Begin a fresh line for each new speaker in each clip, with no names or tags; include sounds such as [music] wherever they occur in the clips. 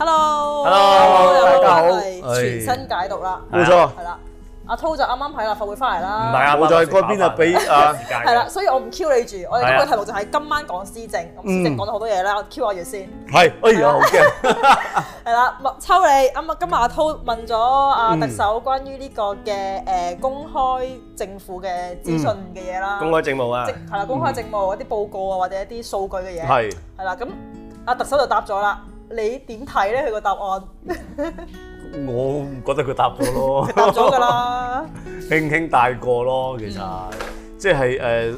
hello，大家好，全新解讀傳新解毒啦，冇錯，係啦，阿濤就啱啱喺立法會翻嚟啦，唔係啊，冇再嗰邊就俾啊，係啦，所以我唔 cue 你住，我哋今日題目就係今晚講施政，施政講咗好多嘢啦，cue 我住先，
係，哎呀，好
驚，係啦，麥秋利，咁啊，今日阿濤問咗阿特首關於呢個嘅誒公開政府嘅資訊嘅嘢啦，公
開政務啊，
係啦，公開政務一啲報告啊或者一啲數據嘅嘢，係，係啦，咁阿特首就答咗啦。你點睇
咧？佢個答案，我唔覺得佢答咗咯。佢答咗
㗎啦，
輕輕帶過咯。其實即係誒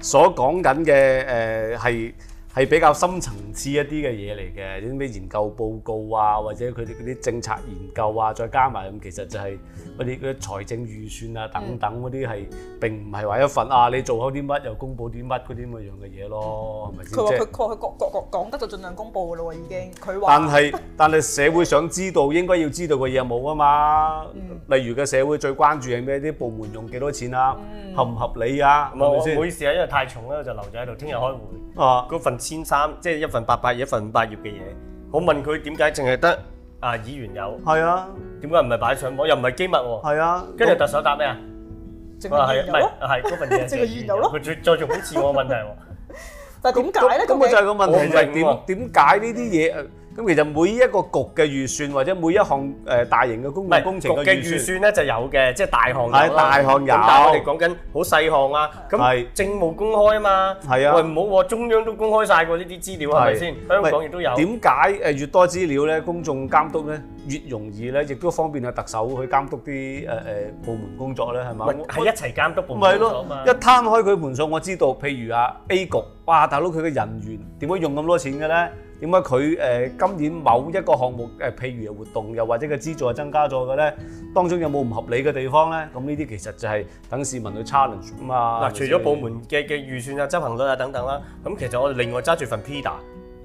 所講緊嘅誒係係比較深層次一啲嘅嘢嚟嘅，啲咩研究報告啊，或者佢哋嗰啲政策研究啊，再加埋咁，其實就係。嗰啲，嗰啲財政預算啊，等等嗰啲係並唔係話一份啊，你做好啲乜又公佈啲乜嗰啲咁樣嘅嘢咯，係咪先？佢話
佢佢佢佢講得就盡量公佈噶咯喎，已經，佢話。但係
但係社會想知道應該要知道嘅嘢有冇啊嘛？例如個社會最關注係咩，啲部門用幾多錢啊？合唔合理啊？咁啊，唔好意思啊，因為太重咧就留咗喺度，聽日開會啊，嗰份千三，即係一份八百一份五百頁嘅嘢，我問佢點解淨係得。啊！議員有，係啊，點解唔係擺上網？又唔係機密喎，係啊。跟住特首答咩啊？啊，係唔係？係嗰份嘢，即係議員佢再再做好自我問題
喎，但係點解咧？咁佢就係個問題就係點
點解呢啲嘢？咁其實每一個局嘅預算或者每一項誒大型嘅公共工程嘅預算咧，就有嘅，即係大項有，但係我哋講緊好細項啊。咁，政務公開啊嘛，喂，唔好中央都公開晒過呢啲資料係咪先？香港亦都有。點解誒越多資料咧，公眾監督咧越容易咧，亦都方便啊特首去監督啲誒誒部門工作咧係嘛？係一齊監督部門工作啊嘛。一攤開佢盤數，我知道，譬如啊 A 局，哇大佬佢嘅人員點解用咁多錢嘅咧？點解佢今年某一個項目誒，譬如活動又或者個資助又增加咗嘅咧？當中有冇唔合理嘅地方呢？咁呢啲其實就係等市民去 challenge 嘛。嗯、除咗部門嘅嘅預算啊、執行率啊等等啦，咁、嗯、其實我哋另外揸住份 PIDDA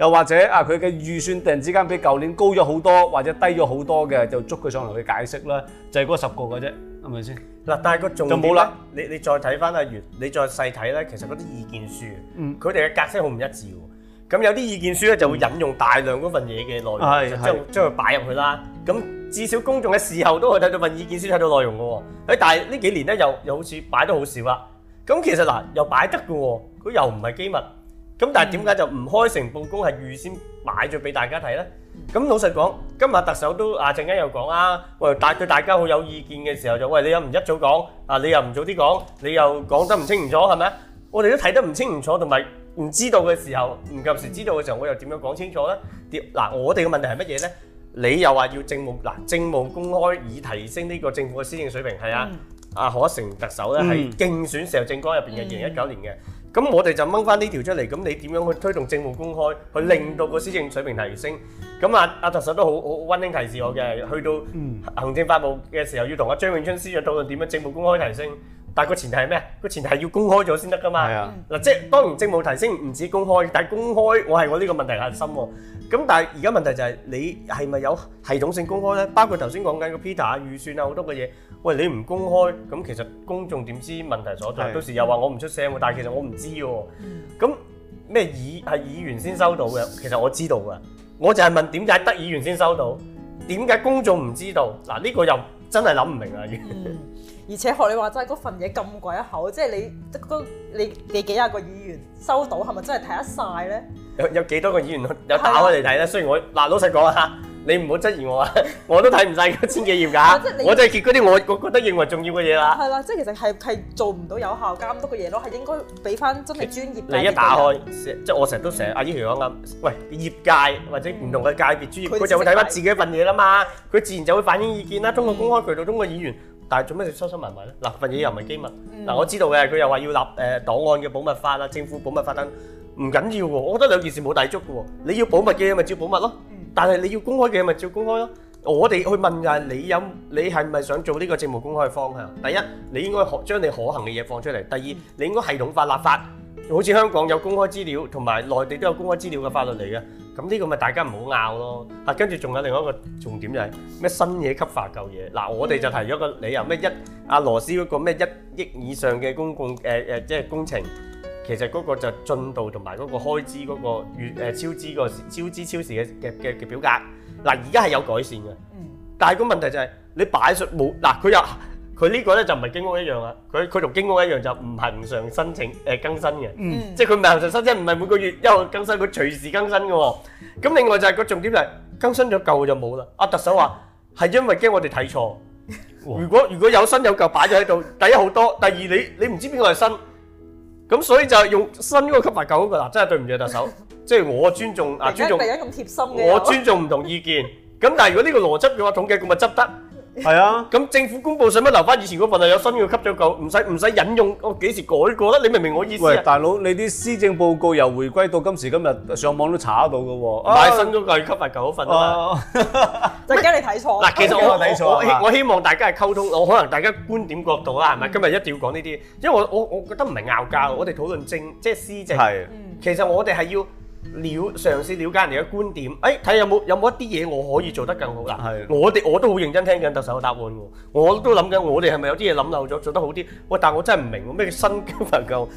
又或者啊，佢嘅預算突然之間比舊年高咗好多，或者低咗好多嘅，就捉佢上嚟去解釋啦。就係、是、嗰十個嘅啫，係咪先？嗱，但係個重點就冇啦。你你再睇翻阿袁，你再細睇咧，其實嗰啲意見書，佢哋嘅格式好唔一致喎。咁有啲意見書咧就會引用大量嗰份嘢嘅內容，將將佢擺入去啦。咁、嗯、至少公眾嘅時候都可以睇到份意見書睇到內容嘅喎。誒，但係呢幾年咧又又好似擺得好少啦。咁其實嗱，又擺得㗎喎，佢又唔係機密。咁但係點解就唔開誠佈公係預先買咗俾大家睇呢？咁老實講，今日特首都啊，陣間又講啦，喂，對大家好有意見嘅時候就，喂，你又唔一早講，啊，你又唔早啲講，你又講得唔清唔楚係咪？我哋都睇得唔清唔楚同埋唔知道嘅時候，唔及時知道嘅時候，我又點樣講清楚呢？跌嗱，我哋嘅問題係乜嘢呢？你又話要政務嗱，政務公開以提升呢個政府嘅施政水平係啊？啊，賀一誠特首咧，係競選時候政綱入邊嘅二零一九年嘅。咁我哋就掹翻呢條出嚟，咁你點樣去推動政務公開，去令到個施政水平提升？咁阿阿特首都好好溫馨提示我嘅，嗯、去到行政法務嘅時候，要同阿張永春司長討論點樣政務公開提升。嗯但係個前提係咩啊？個前提係要公開咗先得噶嘛。嗱係啊，即係當然政務提升唔止公開，但係公開係我係我呢個問題嘅核心喎。咁但係而家問題就係、係、你係咪有系統性公開咧？包括頭先講緊個 Peter 預算啊好多嘅嘢。喂，你唔公開咁，其實公眾點知問題所在？係啊到時又話我唔出聲喎，但係其實我唔知喎。咁咩議係議員先收到嘅，其實我知道㗎。我就係問點解得議員先收到？點解公眾唔知道？嗱、呢、呢個又真係諗唔明啊！嗯
而且學你話齋，嗰份嘢咁貴一口，即係你你你幾廿個議員收到係咪真係睇得晒咧？
有有幾多個議員有打開嚟睇咧？雖然是的 我嗱老實講嚇，你唔好質疑我啊， [laughs] 我都睇唔晒嗰千幾頁㗎。的我就係結嗰啲我我覺得認為重要嘅嘢啦。
係啦，即係其實係係做唔到有效監督嘅嘢咯，係應該俾翻真係專業的。你一打
開，即係我成日都成日、嗯、阿姨如講啱。喂，業界或者唔同嘅界別、嗯、專業，佢就會睇翻自己份嘢啦嘛，佢自然就會反映意見啦。通過、嗯、公開渠道，通過議員。但係做咩要收收埋埋咧？嗱份嘢又唔係機密，嗱我知道嘅，佢又話要立誒檔案嘅保密法啦，政府保密法等等，唔緊要喎，我覺得兩件事冇抵觸嘅喎，你要保密嘅嘢咪照保密咯，但係你要公開嘅嘢咪照公開咯。我哋去問就係你有你係咪想做呢個政務公開嘅方向？第一，你應該可將你可行嘅嘢放出嚟；第二，你應該系統化立法，好似香港有公開資料，同埋內地都有公開資料嘅法律嚟嘅。咁呢個咪大家唔好拗咯，跟住仲有另外一個重點就係、是、咩新嘢吸化舊嘢，嗱、啊、我哋就提咗個理由咩一阿、啊、羅斯嗰個咩一億以上嘅公共即、呃呃就是、工程，其實嗰個就進度同埋嗰個開支嗰、那個月、呃、超支超支超時嘅嘅嘅嘅表格，嗱而家係有改善嘅，但係個問題就係、是、你擺出冇嗱佢又。啊。佢呢個咧就唔係經屋一樣啦，佢佢同經屋一樣就唔頻常申請誒、呃、更新嘅，嗯、即係佢唔係頻常申請，即唔係每個月一路更新，佢隨時更新嘅喎、哦。咁另外就係、是、個重點就係更新咗舊就冇啦。阿、啊、特首話係因為驚我哋睇錯，如果如果有新有舊擺咗喺度，哇第一好多，第二你你唔知邊個係新，咁所以就係用新嗰個取代舊嗰個啦。真係對唔住特首，即係我尊重啊，尊重
我尊重
唔同意見。咁 [laughs] 但係如果呢個邏輯嘅話，統計咁咪執得？係啊，咁政府公布使乜留翻以前嗰份啊？有新嘅吸咗嚿，唔使唔使引用，我幾時改過咧？你明唔明我意思啊？喂，大佬，你啲施政報告又回歸到今時今日，上網都查得到㗎喎，買新嗰嚿吸埋舊嗰份啊，
陣間你睇錯。嗱，其實我我
我希望大家係溝通，我可能大家觀點角度啦，係咪？今日一定要講呢啲，因為我我我覺得唔係拗交，我哋討論政即係施政，其實我哋係要。了，嘗試了解人哋嘅觀點，誒睇有冇有冇一啲嘢我可以做得更好啦。我哋我都好認真聽緊特首嘅答案㗎，我都諗緊我哋係咪有啲嘢諗漏咗，做得好啲。喂，但我真係唔明喎，咩新級物夠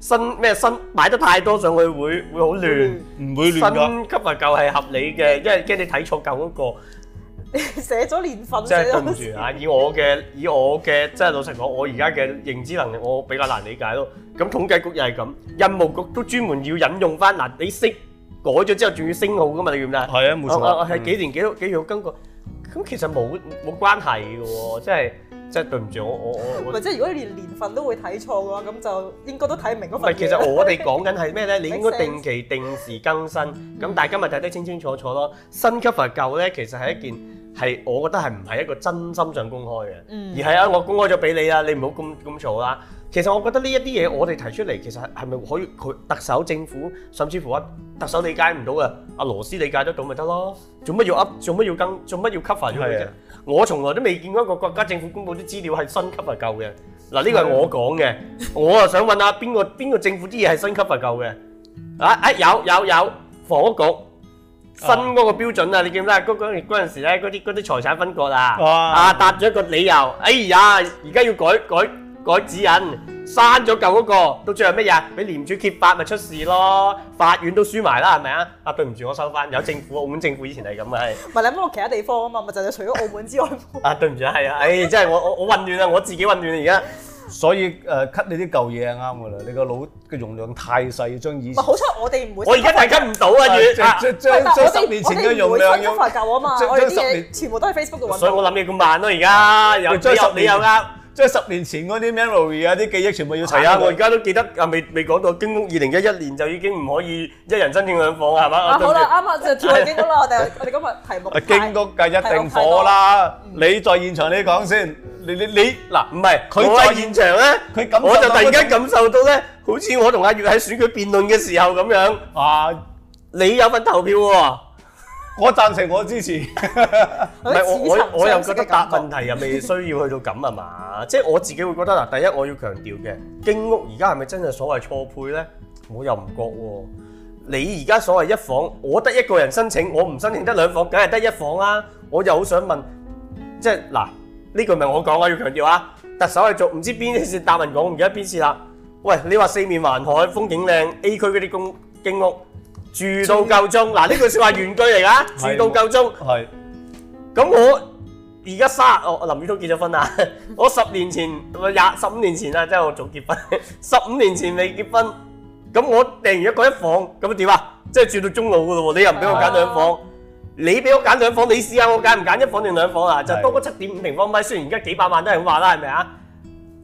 新咩新買得太多上去會
會好亂，唔會亂㗎。新
級物夠係合理嘅，因為驚你睇錯舊嗰個。
寫咗年份，即係對唔住
啊！以我嘅以我嘅，即係老實講，我而家嘅認知能力我比較難理解咯。咁統計局又係咁，任務局都專門要引用翻嗱，你識改咗之後仲要升號噶嘛？你記唔記得？係啊，冇錯啊！係幾年幾多幾月更新過？咁其實冇冇關係嘅喎，即係即係對唔住我我我。唔係，即係如果
你連年份都會睇錯嘅話，咁就應該都睇唔明嗰份。唔係，其實我哋
講緊係咩咧？你應該定期定時更新，咁大家今日睇得清清楚楚咯。新級還舊咧，其實係一件。係，我覺得係唔係一個真心想公開嘅，嗯、而係啊，我公開咗俾你啦，你唔好咁咁做啦。其實我覺得呢一啲嘢，我哋提出嚟，其實係咪可以佢特首政府，甚至乎啊特首理解唔到嘅，阿羅斯理解得到咪得咯？做乜要 u 做乜要更？做乜要 cover 咗佢啫？的我從來都未見過一個國家政府公布啲資料係新級啊舊嘅。嗱，呢個係我講嘅，我啊想問下邊 [laughs] 個邊個政府啲嘢係新級啊舊嘅？啊，哎有有有，房屋局。新嗰個標準啊！你記唔記得嗰嗰陣時咧，嗰啲啲財產分割了啊，啊答咗一個理由，哎呀！而家要改改改指引，刪咗舊嗰、那個，到最後乜嘢？俾廉署揭發咪出事咯，法院都輸埋啦，係咪啊？啊對唔住，我收翻有政府， [laughs] 澳門政府以前係咁嘅。
唔係你，不過其他地方啊嘛，咪就係除咗澳門之外。
啊對唔住，係啊，唉、哎、真係我我我混亂啊，我自己混亂而家。所以呃，cut 你啲舊嘢係啱㗎啦，你個腦嘅容量太細，將以前唔好
彩我哋唔會。我而家係 cut 唔到啊，將、啊。啊、將十年前嘅容量要。我哋唔夠啊嘛，將我十年全部都係 Facebook 嘅揾。所以我
諗嘢咁慢咯、啊，而家、啊、又追十年，你有年又啱。即係十年前嗰啲 memory 啊，啲記憶全部要齊啊！的我而家都記得啊，未未講到經屋二零一一年就已經唔可以一人申請兩房係嘛？好啦，啱啱就跳去經屋啦， [laughs] 我哋我哋今日題目。經屋梗係一定火啦！你在現場你講先，你你你嗱，唔係佢在現場咧，佢我，我就突然間感受到咧，好似我同阿月喺選舉辯論嘅時候咁樣。啊！你有份投票喎、啊。我贊成，我支持 [laughs] 。
唔係我我我，我又覺得答
問題又未需要去到咁啊嘛。即係 [laughs] 我自己會覺得嗱，第一我要強調嘅經屋而家係咪真係所謂錯配咧？我又唔覺喎、哦。你而家所謂一房，我得一個人申請，我唔申請得兩房，梗係得一房啦、啊。我又好想問，即係嗱，呢句咪我講我要強調啊。特首係做唔知邊事，答問講，我唔記得邊次啦？喂，你話四面環海，風景靚，A 區嗰啲公經屋。住到夠鐘，嗱呢句説話原句嚟噶，住到夠鐘。係。咁我而家卅，哦林宇都結咗婚啦。我十年前，廿十五年前啦，即係我早結婚。十五年前未結婚，咁我訂完一個一房，咁點啊？即係住到中老噶咯喎，你又唔俾我揀兩房，你俾我揀兩房，你試下我揀唔揀一房定兩房啊？就多咗七點五平方米，雖然而家幾百萬都係咁話啦，係咪啊？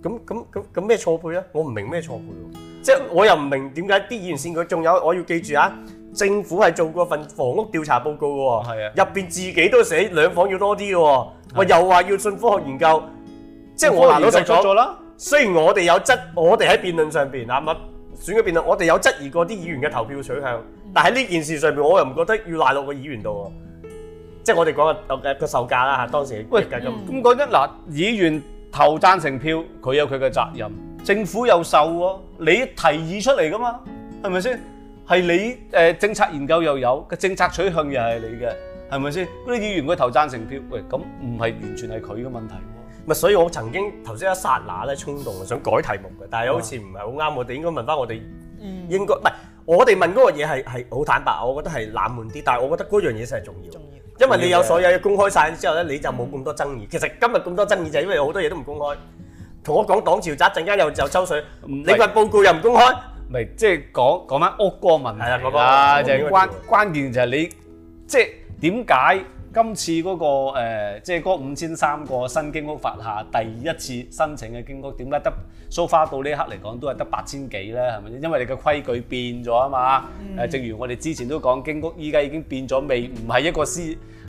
咁咁咁咁咩錯配啊？我唔明咩錯配喎，即係我又唔明點解啲演員線佢仲有，我要記住啊！政府係做過份房屋調查報告嘅喎、哦，入邊是的 自己都寫兩房要多啲嘅喎，喂是的 又話要信科學研究，
是的 即係我難到食錯咗啦。
雖然我哋有質，我哋喺辯論上邊嗱物選嘅辯論，我哋有質疑過啲議員嘅投票取向，但喺呢件事上邊，我又唔覺得要賴落個議員度，即係我哋講嘅個售價啦。當時喂咁講得嗱，議員投贊成票，佢有佢嘅責任，政府又受喎、啊，你提議出嚟㗎嘛，係咪先？係你誒政策研究又有個政策取向又係你嘅，係咪先？嗰啲議員會投贊成票，喂咁唔係完全係佢嘅問題喎。咪所以我曾經頭先一剎那咧衝動想改題目嘅，但係好似唔係好啱。我哋應該問翻我哋應該唔係我哋問嗰個嘢係係好坦白，我覺得係冷門啲，但係我覺得嗰樣嘢先係重要。重
要，因為你有所
有嘢公開曬之後咧，你就冇咁多爭議。其實今日咁多爭議就係因為好多嘢都唔公開。同我講黨潮窄，陣間又就抽水，你個報告又唔公開。唔即係講講返屋個問題啊！
是哥哥就係關哥
哥，關鍵就係你，即係點解今次嗰、嗰個即係嗰五千三個新經屋法下第一次申請嘅經屋，點解得蘇花到呢一刻嚟講都係得八千幾咧？係咪因為你嘅規矩變咗啊嘛！誒、嗯，正如我哋之前都講，經屋依家已經變咗，未唔係一個私，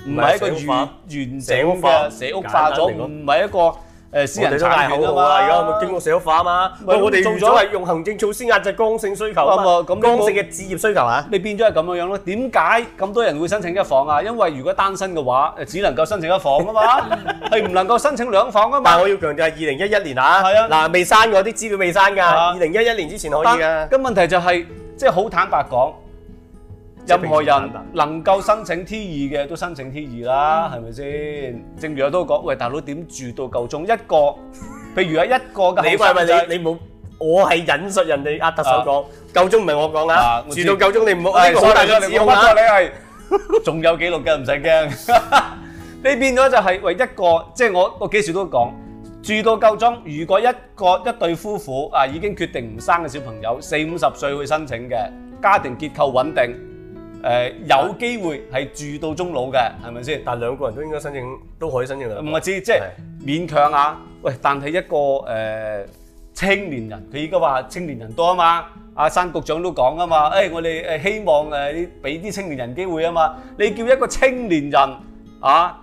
唔係一個完完整嘅社屋化咗，唔係一個。誒私人都太好喇啊！而家咪經過社會化啊嘛，喂，我哋做咗係用行政措施壓制剛性需求啊嘛，剛性嘅置業需求啊，你變咗係咁樣樣咯？點解咁多人會申請一房啊？因為如果單身嘅話，誒只能夠申請一房啊嘛，係唔能夠申請兩房啊嘛？但係我要強調係二零一一年啊，嗱未刪過啲資料未刪㗎，二零一一年之前可以㗎。咁問題就係，即係好坦白講。任何人能夠申請 T 二嘅都申請 T 二啦，係咪先？正如我都講，喂，大佬點住到夠鐘？一個，譬如啊，一個嘅，你係咪你你冇？我係引述人哋阿特首講夠鐘，唔係我講啊。住到夠鐘你唔好，我大隻子，不過你係仲有記錄嘅，唔使驚。你變咗就係喂，一個，即係我我幾時都講住到夠鐘。如果一個一對夫婦啊已經決定唔生嘅小朋友，四五十歲去申請嘅家庭結構穩定。誒、呃、有機會係住到終老嘅，係咪先？但兩個人都應該申請，都可以申請啦。唔係知，即、就、係、是、勉強啊。是喂，但係一個、呃、青年人，佢而家話青年人多啊嘛。阿、啊、山局長都講啊嘛。誒、哎，我哋希望誒俾啲青年人機會啊嘛。你叫一個青年人啊？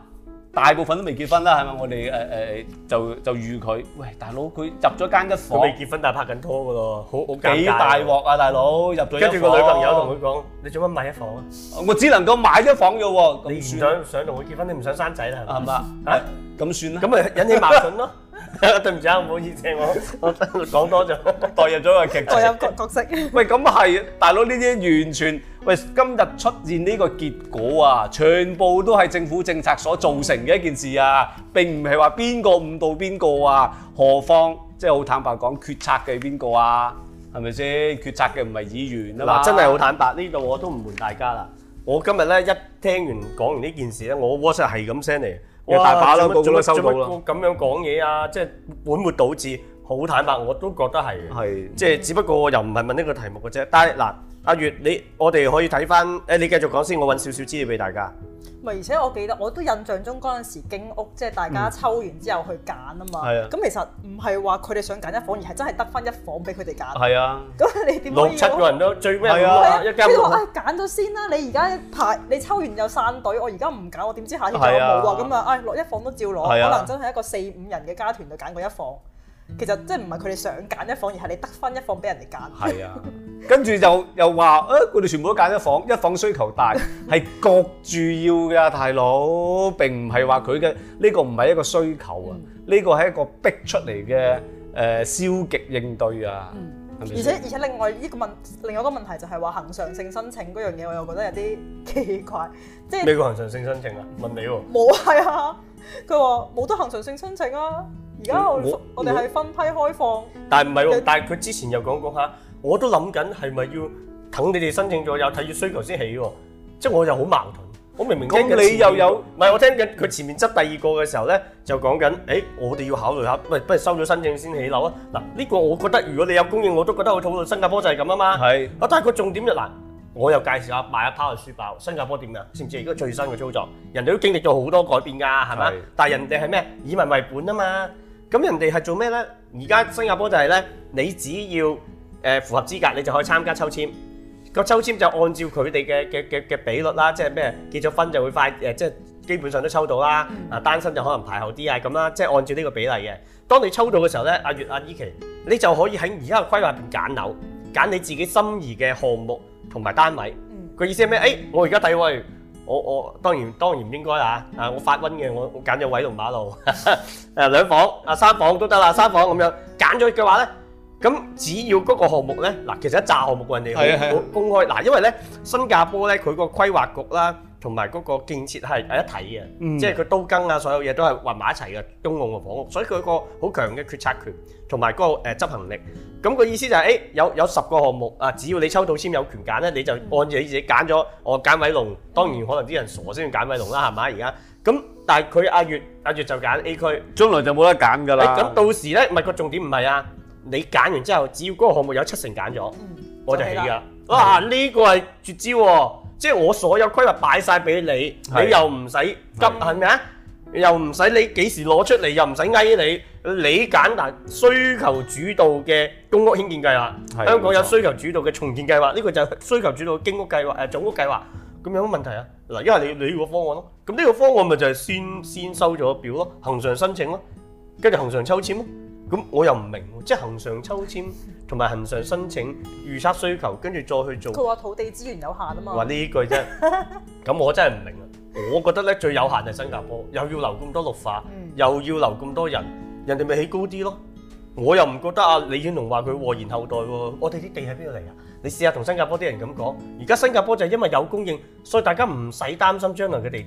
大部分都未結婚啦，係咪？我哋誒、呃、就就預佢，喂，大佬佢入咗間一房，我未結婚但拍緊拖噶咯，好好幾大鑊啊，大佬、嗯、入咗一房跟住個女朋友同佢講：你做乜買一房啊？我只能夠買一房啫喎，你唔想想同佢結婚，你唔想生仔啦，係咪吧啊？嚇，咁算啦，咁咪引起矛盾咯。 [laughs] [laughs] 對唔住啊，唔好意思，我講多咗， [laughs] 代入咗個劇情，代入個角色。 [laughs] 喂，咁係，大佬呢啲完全，喂，今日出現呢個結果啊，全部都係政府政策所造成嘅一件事啊，並唔係話邊個誤導邊個啊，何況即係好坦白講，決策嘅係邊個啊？係咪先？決策嘅唔係議員啊嘛。 [laughs] 嗱，真係好坦白，呢度我都唔瞞大家啦。我今日咧一聽完講完呢件事咧，我 WhatsApp 係咁 send 嚟。哇！做乜做乜咁樣講嘢啊？即係本末倒置，好坦白，我都覺得係。係。即係，只不過我又唔係問呢個題目嘅啫。但係嗱，阿月你，我哋可以睇翻誒，你繼續講先，我揾少少資料俾大家。
而且我記得，我都印象中嗰陣時經屋，即係大家抽完之後去揀啊嘛。咁、嗯啊、其實唔係話佢哋想揀一房，而係真係得翻一房俾佢哋揀。係啊。咁 [laughs] 你點可以六七個人都
最尾、啊啊、一佢哋話誒
揀咗先啦！你而家排，你抽完又散隊，我而家唔揀，我點知下一期有冇啊？咁啊誒，落、哎、一房都照攞，啊、可能真係一個四五人嘅家團就揀過一房。其實即係唔係佢哋想揀一房，而係你得返一房俾人哋揀。係
啊，跟住就又話，誒，佢哋全部都揀一房，一房需求大，係焗住要嘅，大佬。並唔係話佢嘅呢個唔係一個需求啊，呢個係一個逼出嚟嘅誒消極應對啊。嗯、係咪，而且而
且另外呢個問，另外一個問題就係話恒常性申請嗰樣嘢，我又覺得有啲奇怪，即係。咩叫
恒常性申請啊？問你喎。
冇啊，係啊，佢話冇得恒常性申請啊。而家我我哋係分批開放，
但係唔係喎？但係佢之前又講過下，我都諗緊係咪要等你哋申請咗有睇住需求先起喎？即係我又好矛盾。我明明聽你又有，唔係面我聽緊佢前面執第二個嘅時候咧，就講緊誒，我哋要考慮下，喂，不如收咗申請先起樓啊？嗱，呢個我覺得如果你有供應，我都覺得好討論。新加坡就係咁啊嘛，係是。啊，但係個重點就嗱，我又介紹下買一包就書包。新加坡點㗎？甚至而家最新嘅操作，人哋都經歷咗好多改變㗎，係嘛？是但係人哋係咩？以民為本啊嘛。咁人哋係做咩咧？而家新加坡就係咧，你只要誒符合資格，你就可以參加抽籤。個抽籤就按照佢哋嘅嘅嘅嘅比率啦，即係咩結咗婚就會快誒，即係、即係、基本上都抽到啦。啊，單身就可能排後啲啊咁啦，即係按照呢個比例嘅。當你抽到嘅時候咧，阿月阿依琪，你就可以喺而家嘅規劃入邊揀樓，揀你自己心儀嘅項目同埋單位。個、嗯、意思係咩？誒、欸，我而家第一位。我我當然當然唔應該啊，我發瘟嘅，我我揀咗偉龍馬路誒 [laughs] 兩房三房都得啦，三房咁樣揀咗嘅話咧，咁只要嗰個項目呢，嗱，其實一紮項目人哋好公開嗱，的因為呢，新加坡呢它佢個規劃局啦。同埋嗰個建設係一體嘅，嗯、即係佢刀耕啊，所有嘢都係混埋一齊嘅，公共嘅房屋，所以佢有個好強嘅決策權同埋嗰個誒執行力。咁、個意思就係、是，誒、欸、有有十個項目啊，只要你抽到籤有權揀咧，你就按住你自己揀咗。我揀偉龍，當然可能啲人傻先要揀偉龍啦，係咪？而家咁，但係佢阿月阿月就揀 A 區，將來就冇得揀㗎啦。咁、欸、到時咧，唔係個重點，唔係啊，你揀完之後，只要嗰個項目有七成揀咗，我就起㗎。哇，呢個係絕招喎、啊！即係我所有規劃擺晒俾你，你又唔使急係咩啊？又唔使你幾時攞出嚟，又唔使嗌你，你簡單需求主導嘅公屋興建，建計劃，的香港有需求主導嘅重建計劃，呢的個就係需求主導嘅經屋計劃誒，組、呃、屋計劃，咁有乜問題啊？嗱，因係你你呢個方案咯，咁呢個方案咪就係先先收咗表咯，恒常申請咯，跟住恒常抽籤咯。咁我又唔明白，即係恆常抽籤同埋恒常申請預測需求，跟住再去做。佢
話土地資源有限啊嘛。話呢
句啫，咁 [laughs] 我真係唔明啊！我覺得咧最有限就係新加坡，嗯、又要留咁多綠化，又要留咁多人，嗯、人哋咪起高啲咯。我又唔覺得啊李顯龍話佢禍延後代喎，我哋啲地喺邊度嚟啊？你試下同新加坡啲人咁講，而家新加坡就係因為有供應，所以大家唔使擔心將來嘅地皮。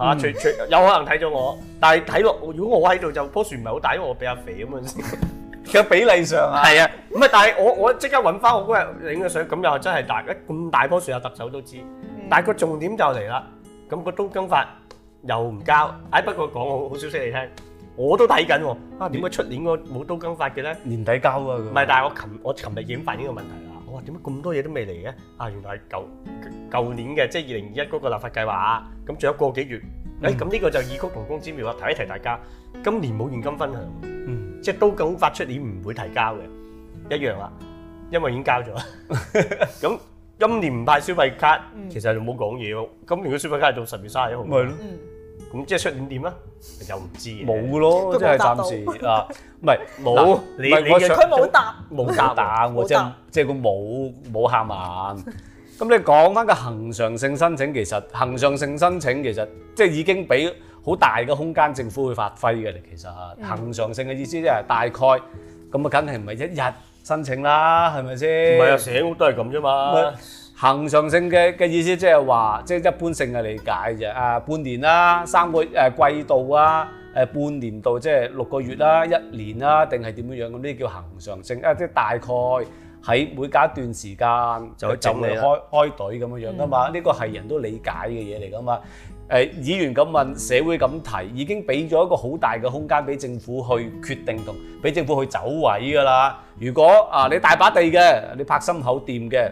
嚇，除除、啊、有可能睇咗我，但係睇落，如果我喺度就棵樹唔係好大，因為我比較肥咁樣先。其實 [laughs] 比例上啊，係啊，唔係，但係我我即刻揾翻我嗰日影嘅相，咁又真係大，咁大棵樹阿特首都知。但係個重點就嚟啦，咁、那個都更法又唔交。唉，不過講個好好消息你聽，我都睇緊喎。點解出年冇都更法嘅咧？年底交啊。唔、那、係、個，但係我琴我琴日已經發現呢個問題啦。哇！點解咁多嘢都未嚟嘅？啊，原來係舊舊年嘅，即係二零二一嗰個立法計劃啊！咁仲有個幾月？誒，咁呢個就異曲同工之妙啊！提一提大家，今年冇現金分享，嗯，即係都咁發，出年唔會提交嘅，一樣啦，因為已經交咗。咁今年唔派消費卡，其實就冇講嘢喎。今年嘅消費卡係到十月三十一號。咪咯。咁即係出點點啦？又唔知嘅。冇咯，都係暫時啊，唔係冇，唔係我想區冇答，冇答，冇答，我即係即係佢冇冇喊。咁你講翻個恆常性申請，其實恆常性申請其實即係已經俾好大嘅空間政府去發揮嘅。其實恆常性嘅意思即係大概咁啊，梗係唔係一日申請啦？係咪先？唔係啊，社屋都係咁啫嘛。恆常性嘅嘅意思即係話，即、就、係、是、一般性嘅理解啫。啊，半年啦、啊，三個誒、啊、季度啊，誒、啊、半年度即係六個月啦、啊，一年啦、啊，定係點樣樣咁呢叫恆常性啊？即、就、係、是、大概喺每隔一段時間就準嚟開就去開隊咁樣樣啊嘛。呢、嗯、個係人都理解嘅嘢嚟噶嘛。誒、啊，議員咁問，社會咁提，已經俾咗一個好大嘅空間俾政府去決定同俾政府去走位㗎啦。如果啊，你大把地嘅，你拍心口掂嘅。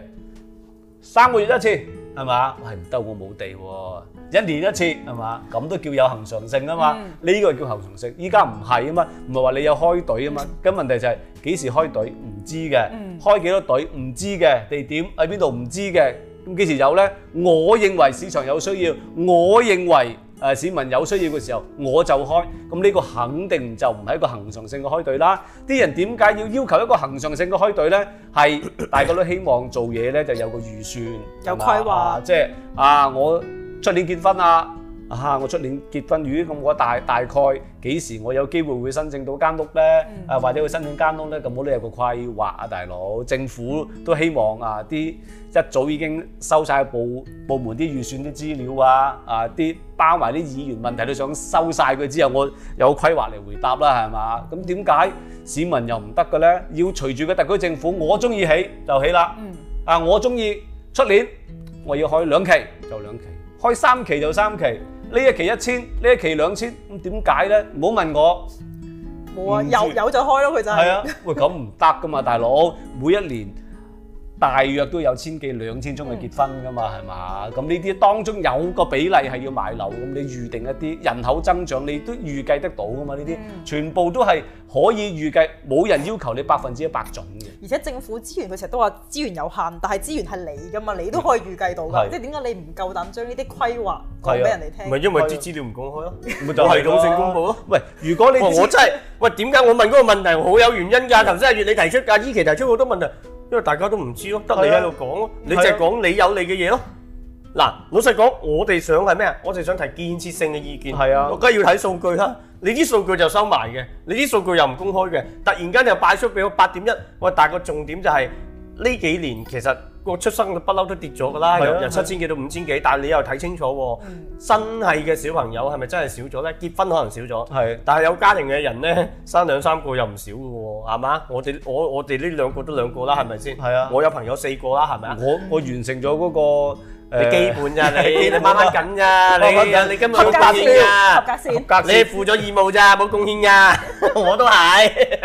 三個月一次係嘛？係唔得我，我冇地喎、啊。一年一次係嘛？咁都 [noise] 叫有恒常性啊嘛。呢、嗯、個叫恒常性，依家唔係啊嘛。唔係話你有開隊啊嘛。咁、嗯、問題就係、是、幾時開隊唔知嘅，嗯、開幾多隊唔知嘅，地點喺邊度唔知嘅，咁幾時有呢？我認為市場有需要，我認為。誒、市民有需要嘅時候，我就開，咁呢個肯定就唔係一個恆常性嘅開隊啦。啲人點解要要求一個恆常性嘅開隊呢？係大家都希望做嘢呢就有個預算，有規劃，即係啊！我出年結婚啦，啊！我出年結婚預金我大大概。幾時我有機會會申請到間屋呢？嗯、啊，或者會申請間屋呢？咁我都有個規劃啊，大佬。政府都希望啊，啲一早已經收晒部部門啲預算啲資料啊，啊啲包埋啲議員問題都想收晒佢，之後，我有個規劃嚟回答啦，係嘛？咁點解市民又唔得嘅呢？要隨住個特區政府，我中意起就起啦。嗯、啊，我中意出年我要開兩期就兩期，開三期就三期。呢一期一千，呢一期兩千，咁點解呢？唔好問我，
冇啊，有有就
開囉，佢就係。喂，咁唔得㗎嘛，大佬，每一年。大約都有千幾兩千宗嘅結婚噶嘛，係嘛、嗯？咁呢啲當中有個比例係要買樓咁，你預定一啲人口增長，你都預計得到噶嘛？呢啲、嗯、全部都係可以預計，冇人要求你百分之一百準嘅。
而且政府資源佢成日都話資源有限，但係資源係你噶嘛？你都可以預計到㗎，是即係點解你唔夠膽將呢啲規劃講俾人哋聽？唔係、啊、因為啲資
料唔公開咯，唔係、啊、就系統、啊、性公布咯。喂，如果你，你我真係，喂，點解我問嗰個問題好有原因㗎？頭先阿月你提出㗎，依期提出好多問題。因為大家都唔知咯，得你喺度講咯，是的你就講你有你嘅嘢咯。嗱的，老實講，我哋想係咩啊？我哋想提建設性嘅意見。的我啊，梗係要睇數據啦。你啲數據就收埋嘅，你啲數據又唔公開嘅，突然間就擺出俾我八點一。喂，大概重點就係、是、呢幾年其實。個出生率不嬲都跌咗噶啦，由由七千幾到五千幾，但係你又睇清楚喎，真係嘅小朋友係咪真係少咗咧？結婚可能少咗，係，但係有家庭嘅人咧，生兩三個又唔少噶喎，係嘛？我哋我我哋呢兩個都兩個啦，係咪先？係啊，我有朋友四個啦，係咪啊？我我完成咗嗰個
誒基本咋你，你掹緊咋你？你今日冇貢獻啊？合格線，合格線。你
負咗義務咋，冇貢獻噶，我都係。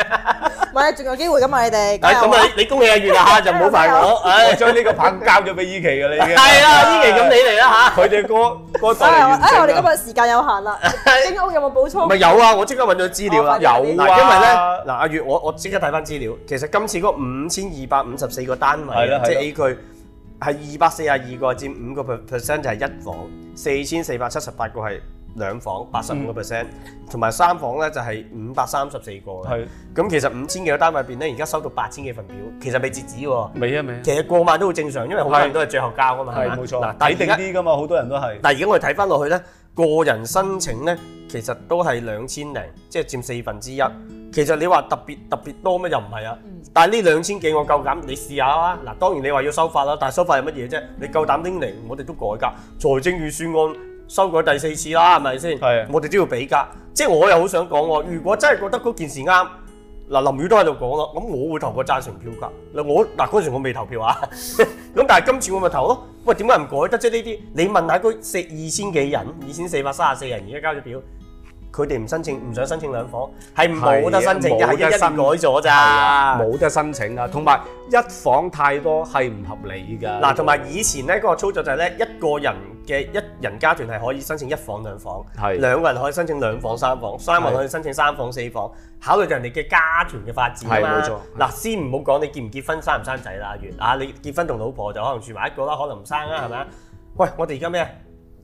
唔係，仲有機
會噶嘛你哋？咁啊！你恭喜阿月吓，就唔好煩我！誒將呢個棒交咗俾伊期嘅啦已經。係啊，依期咁你嚟啦吓，佢哋歌該到嚟誒我哋今日時間有限啦，丁屋
有冇補充？唔係有啊，我
即刻揾到資料啦，有啊。因為咧，嗱阿月，我我即刻睇翻資料，其實今次嗰五千二百五十四個單位，即係 A 區係二百四十二個佔五個 percent 就係一房，四千四百七十八個係。兩房八十五個 percent，同埋三房咧就係五百三十四個係。咁是其實五千幾個單位入邊咧，而家收到八千幾份表，其實未截止喎。未啊未。其實過萬都好正常，因為好多人都係最後交啊嘛。係冇錯。嗱抵定啲㗎嘛，好多人都係。但係而家我哋睇翻落去咧，個人申請咧其實都係兩千零，即係佔四分之一。其實你話特別特別多咩？又唔係啊。但係呢兩千幾我夠膽，你試下啊。嗱，當然你話要收發啦，但係收發係乜嘢啫？你夠膽拎嚟，我哋都改革財政預算案。修改第四次啦，係咪先？是的 我哋都要比㗎，即係我又好想講喎。如果真係覺得嗰件事啱，嗱，林宇都喺度講咯，咁我會投個贊成票㗎。嗱，我嗱嗰陣我未投票啊，咁 [laughs] 但係今次我咪投咯。喂，點解唔改得即呢啲？你問下嗰四二千幾人，二千四百卅四人而家交咗票。佢哋唔申請，唔想申請兩房，係冇得申請嘅，係一一改咗咋，冇得申請啦。同埋一房太多係唔合理噶。嗱，同埋以前咧嗰個操作就係咧，一個人嘅一人家團係可以申請一房兩房，兩個人可以申請兩房三房，三個人可以申請三房四房，考慮到人哋嘅家團嘅發展啊嘛。嗱，先唔好講你結唔結婚，生唔生仔啦，阿源啊，你結婚同老婆就可能住埋一個啦，可能唔生啦，係咪啊？喂，我哋而家咩啊？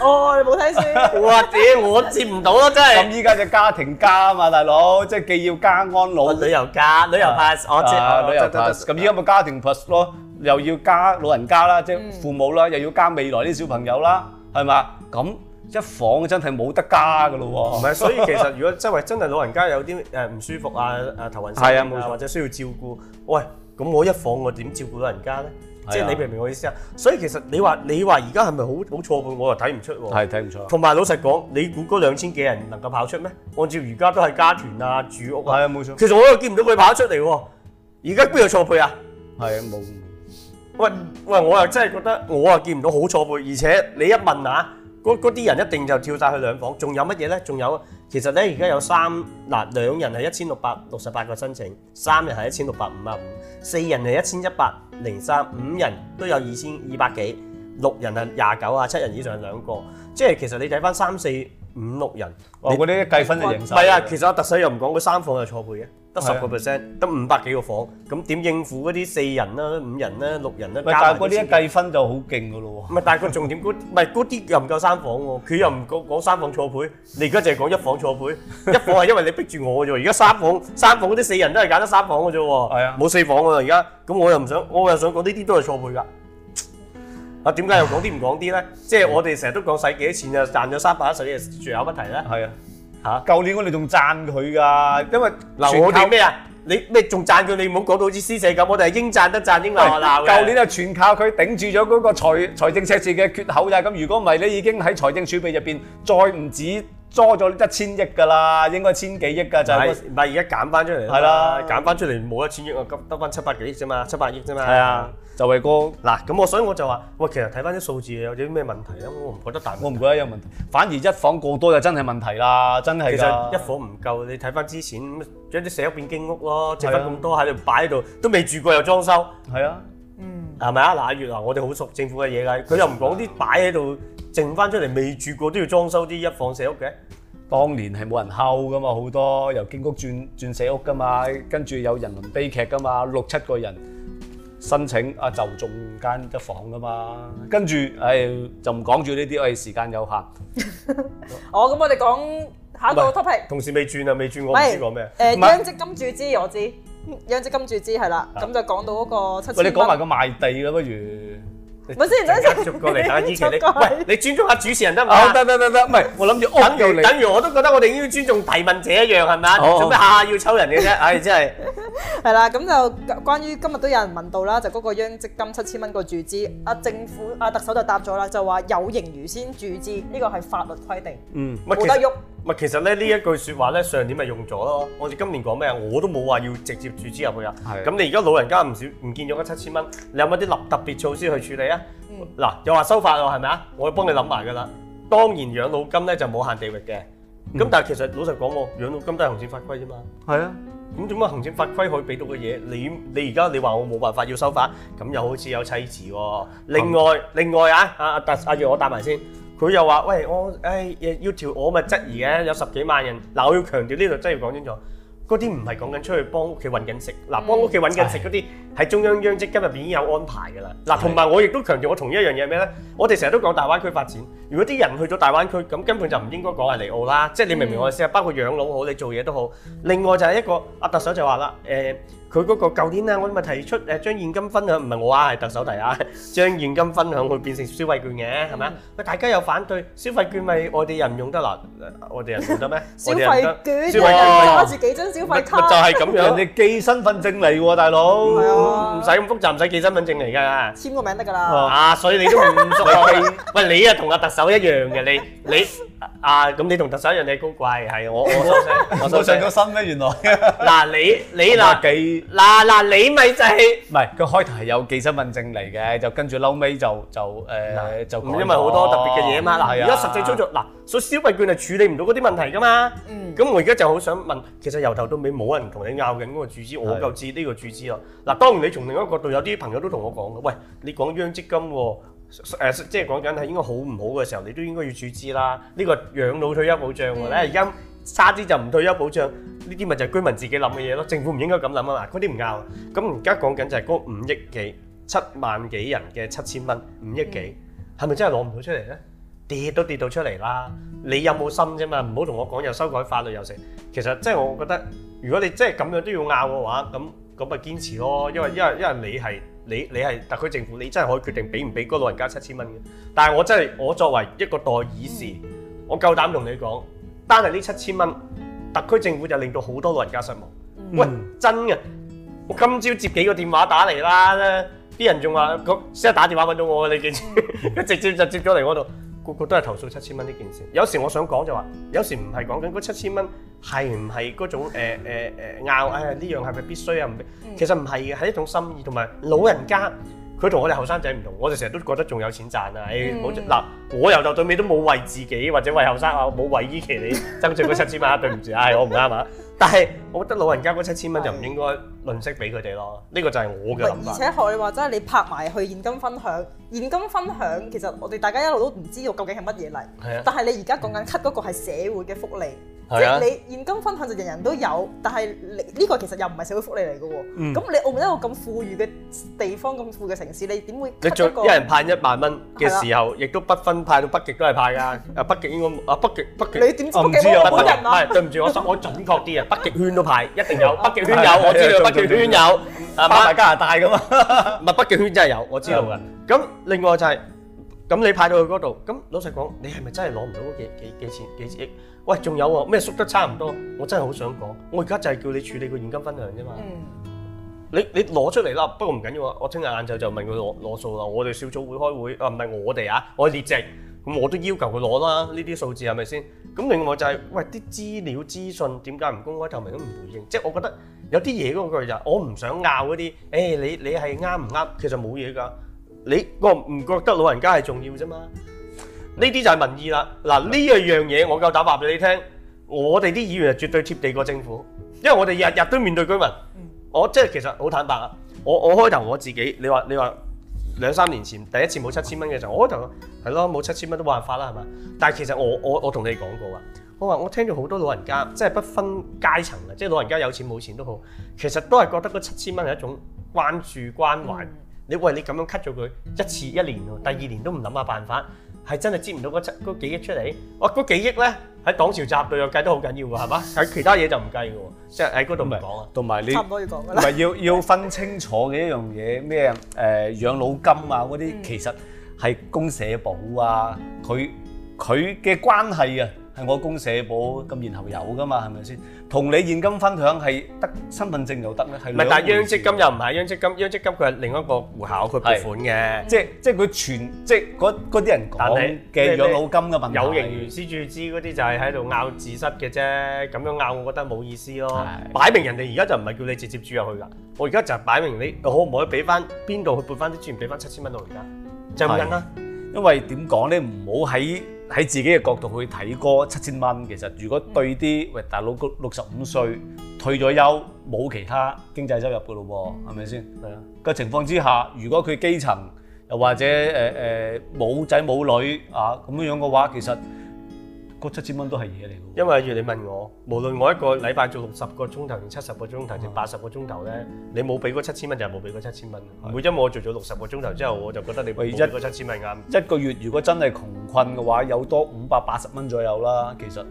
哦，你冇睇先？
我屌，我接唔到啊！真係咁依家就家庭加啊嘛，大佬，即係既要加安老旅遊加旅遊 pass 啊，旅遊 pass 咁依家咪家庭 pass 咯，又要加老人家啦，即係父母啦，又要加未來啲小朋友啦，係嘛？咁一房真係冇得加噶咯喎！唔係，所以其實如果即係真係老人家有啲誒唔舒服啊，誒頭暈身啊，或者需要照顧，喂，咁我一房我點照顧老人家咧？即係你明唔明我意思啊？所以其實你話你話而家係咪好好錯配？我又睇唔出喎，啊。係睇唔出，啊。同埋老實講，你估嗰兩千幾人能夠跑出咩？按照而家都係家團啊，住屋啊，冇錯，嗯。其實我又見唔到佢跑出嚟喎。而家邊有錯配啊？係啊，冇。喂喂，我又真係覺得我又見唔到好錯配，而且你一問啊。嗰嗰啲人一定就跳曬去兩房，仲有乜嘢呢？仲有，其實呢而家有三嗱兩人係一千六百六十八個申請，三人係一千六百五十五，四人係一千一百零三，五人都有二千二百幾，六人係廿九啊，七人以上係兩個，即係其實你睇返三四五六人，我覺得一計分就贏。唔係啊，其實我特首又唔講嗰三房係錯配嘅。得十個 percent，得五百幾個房，咁點應付嗰啲四人啦、五人啦、六人啦？唔係，但係嗰啲一計分就好勁噶咯喎。唔係，但係個重點嗰唔係嗰啲又唔夠三房喎，佢又唔夠講三房錯配，你而家淨係講一房錯配，一房係因為你逼住我嘅啫。而家三房，三房嗰啲四人都係揀得三房嘅啫喎。係啊，冇四房㗎啦，而家咁我又唔想，我又想講呢啲都係錯配㗎。啊，點解又講啲唔講啲咧？即係我哋成日都講使幾多錢啊賺咗三百一十億，啲嘢絕口不提啦。係啊。嚇！舊年我哋仲讚佢㗎！因為全靠咩你咩仲讚佢？你唔好講到好似施捨咁。我哋係應讚得讚，應鬧得鬧。舊年就全靠佢頂住咗嗰個財，財政赤字嘅缺口呀！咁如果唔係，你已經喺財政儲備入面，再唔止。裝咗一千億㗎喇，應該千幾億㗎就係，但係而家、啊、減翻出嚟，係啦，減翻出嚟冇一千億啊，得翻七百幾億啫嘛，七百億啫嘛，係啊，就係個嗱咁我所以我就話喂，其實睇翻啲數字有啲咩問題咧，我唔覺得大，我唔覺得有問題，反而一房過多就真係問題啦，真係啦，其實一房唔夠你睇翻之前將啲社屋變經屋咯，借翻咁多喺度擺喺度，都未住過又裝修，係啊，嗯，係咪啊？嗱，月啊，我哋好熟政府嘅嘢㗎，佢又唔講啲擺喺度。剩翻出嚟未住過都要裝修啲一房社屋嘅，當年係冇人睺噶嘛，好多由經屋轉轉社屋噶嘛，跟住有人臨悲劇噶嘛，六七個人申請啊就仲間一房噶嘛，跟住唉就唔講住呢啲，我哋時間有限。
哦，咁我哋講下一個 topic，
同時未轉啊，未轉我唔知講咩。誒，央積
金注資我知，央積金注資係啦，咁就講到嗰個七千蚊。喂，你講埋
個賣地咯不如？咪
先，繼續過嚟。依家依家，你
喂，你尊重下主持人得唔得？得得得得，唔係，我諗住安撫你。等如我都覺得我哋應該尊重提問者一樣，係咪？做咩下下要抽人嘅啫？唉，真係。
係啦，咁就關於今日都有人問到啦，就嗰個央積金七千蚊個注資，阿政府阿特首就答咗啦，就話有盈餘先注資，呢個係法律規定，
冇得喐。唔係，其實咧呢一句説話咧，上年咪用咗咯。我哋今年講咩啊？我都冇話要直接注資入去啊。係。咁你而家老人家唔少唔見咗七千蚊，你有冇啲特特別措施去處理啊？嗯。嗱，又話修法喎，係咪啊？我幫你諗埋㗎啦。當然養老金咧就冇限地域嘅。嗯。咁但係其實老實講喎，養老金都係行政法規啫嘛。係啊。咁做乜行政法規可以俾到嘅嘢，你你而家你話我冇辦法要修法，咁又好似有歧視喎？另外另外啊，阿阿阿阿月，我答埋先。佢又話：喂，我，誒、哎，要調我咪質疑嘅，有十幾萬人。嗱，我要強調呢度真係要講清楚，嗰啲唔係講緊出去幫屋企揾緊食，嗱、嗯，幫屋企揾緊食嗰啲喺中央央積金入面已經有安排㗎啦。嗱、就是，同埋我亦都強調我，我同意一樣嘢係咩咧？我哋成日都講大灣區發展，如果啲人去咗大灣區，咁根本就唔應該講係嚟澳啦。嗯、即係你明唔明我意思，包括養老好，你做嘢都好。另外就係一個阿特首就話啦，誒、呃。佢嗰個舊年啊，我咪提出誒將現金分享，唔係我啊，係特首提啊，將現金分享去變成消費券嘅，係咪啊？喂，大家又反對消費券咪外地人用得啦，外地人用得咩？消費券，外地人攞
住幾張消費卡就係咁樣，你
寄身份證嚟喎，大佬，唔使咁複雜，唔使寄身份證嚟㗎，簽
個名得㗎啦。
啊，所以你都唔熟啊？喂，你啊同阿特首一樣嘅，你你啊咁你同特首一樣你係高貴，係我我我上咗身咩？原來嗱你你嗱幾？嗱嗱，你咪就係唔係？佢開頭係有寄身份證嚟嘅，就跟住後尾就就誒就唔，因為好多特別嘅嘢嘛。嗱，而家實際操作嗱，所以消費券係處理唔到嗰啲問題㗎嘛。嗯，咁我而家就好想問，其實由頭到尾冇人同你拗緊嗰個注資，我夠知呢個注資咯。嗱，當然你從另一個角度，有啲朋友都同我講，喂，你講央積金喎，誒，即係講緊係應該好唔好嘅時候，你都應該要注資啦。呢個養老退休保障咧，而家。差啲就唔退休保障，呢啲咪就係居民自己諗嘅嘢咯。政府唔應該咁諗啊！嗰啲唔拗。咁而家講緊就係嗰五億幾七萬幾人嘅七千蚊，五億幾係咪真係攞唔到出嚟咧？跌都跌到出嚟啦，你有冇心啫嘛？唔好同我講又修改法律又成。其實即係我覺得，如果你真係咁樣都要拗嘅話，咁咁咪堅持咯。因為因為因為你係你你係特區政府，你真係可以決定俾唔俾嗰老人家七千蚊嘅。但係我真係我作為一個代議士，我夠膽同你講。單係呢七千蚊，特區政府就令到好多老人家失望。喂，真嘅，我今朝接幾個電話打嚟啦，啲人仲話咁先打電話揾到我啊！你記住，直接就接咗嚟我度，個個都係投訴七千蚊呢件事。有時我想講就話，是，有時唔係講緊嗰七千蚊係唔係嗰種誒誒誒拗，哎呢樣係咪必須啊？唔畀。其實唔係嘅，係一種心意，同埋老人家。佢同我哋後生仔唔同，我哋成日都覺得仲有錢賺啊！誒、欸，冇嗱，我又就最尾都冇為自己或者為後生啊，冇為依期你爭取個七千蚊啊，對唔住，唉，我唔啱啊！但係我覺得老人家嗰七千蚊就唔應該吝嗇俾佢哋咯，呢是個就係我嘅諗法。而且
學你話齋，你拍埋去現金分享，現金分享其實我哋大家一路都唔知道究竟係乜嘢嚟。是的但係你而家講緊 cut 嗰個係社會嘅福利。即係你現金分享就人人都有，但係你呢個其實又唔係社會福利嚟嘅喎。咁你澳門一個咁富裕嘅地方，咁富嘅城市，你點會？你做一人派
一萬蚊嘅時候，亦都不分派到北極都係派㗎。啊北極應該啊北極北極，你點知北極有冇人啊？係對唔住我，我準確啲啊，北極圈都派，一定有北極圈有，我知道北極圈有，包埋加拿大㗎嘛。唔係北極圈真係有，我知道㗎。咁另外就係咁你派到去嗰度，咁老實講，你係咪真係攞唔到幾幾幾千幾億？喂，仲有喎？咩縮得差唔多？我真係好想講，我而家就係叫你處理個現金分享啫嘛。嗯、你你攞出嚟啦，不過唔緊要啊。我聽日晏晝就問佢攞攞數啦。我哋小組會開會，啊唔係我哋啊，我係列席，咁我都要求佢攞啦。呢啲數字係咪先？咁另外就係、是，喂啲資料資訊點解唔公開透明都唔回應？即、就、係、是、我覺得有啲嘢嗰個就我唔想拗嗰啲。誒、欸、你你係啱唔啱？其實冇嘢㗎。你我唔覺得老人家係重要啫嘛。呢啲就係民意啦！嗱，呢一樣嘢我夠膽話俾你聽，我哋啲議員係絕對貼地過政府，因為我哋日日都面對居民。我即係其實好坦白啊！我我開頭我自己，你話你話兩三年前第一次冇七千蚊嘅時候，我開頭係咯冇七千蚊都冇辦法啦，係嘛？但係其實我我我同你講過啊，我話我，我，我聽咗好多老人家，即係不分階層啊，即係老人家有錢冇錢都好，其實都係覺得嗰七千蚊係一種關注關懷。你喂你咁樣 cut 咗佢一次一年第二年都唔諗下辦法。係真係接唔到嗰七嗰幾億出嚟，哇嗰幾億咧喺黨潮集對入計都好緊要喎，係嘛？喺其他嘢就唔計嘅喎，即係喺嗰度唔講啊。同埋你，差唔多要講，唔係要要分清楚嘅一樣嘢咩？誒養老金啊嗰啲，其實係供社保啊，佢佢嘅關係啊。係我供社保咁，然後有㗎嘛，係咪先？同你現金分享係得，身份證就得咧，係兩樣嘢。唔係，但係央積金又唔係央積金，央積金佢係另一個戶口，去撥款嘅，即係即係佢全，即係嗰嗰啲人講嘅養老金嘅問題。有形原始注資嗰啲就係喺度拗字蝨嘅啫，咁樣拗我覺得冇意思咯。係擺明人哋而家就唔係叫你直接住入去㗎，我而家就係擺明你可唔可以俾翻邊度去撥翻啲資源俾翻七千蚊我而家？就因啦，因為點講咧？唔好喺喺自己嘅角度去睇，過七千蚊，其實如果對啲喂大佬六十五歲退咗休，冇其他經濟收入噶咯喎，係咪先？係啊。個情況之下，如果佢基層又或者誒誒冇仔冇女啊咁樣嘅話，其實。嗰七千蚊都係嘢嚟喎，因為譬如你問我，無論我一個禮拜做六十個鐘頭定七十個鐘頭定八十個鐘頭咧，你冇俾嗰七千蚊就係冇俾嗰七千蚊，唔會因為我做咗六十個鐘頭之後我就覺得你冇一個七千蚊啊。一個月如果真係窮困嘅話，有多五百八十蚊左右啦。其實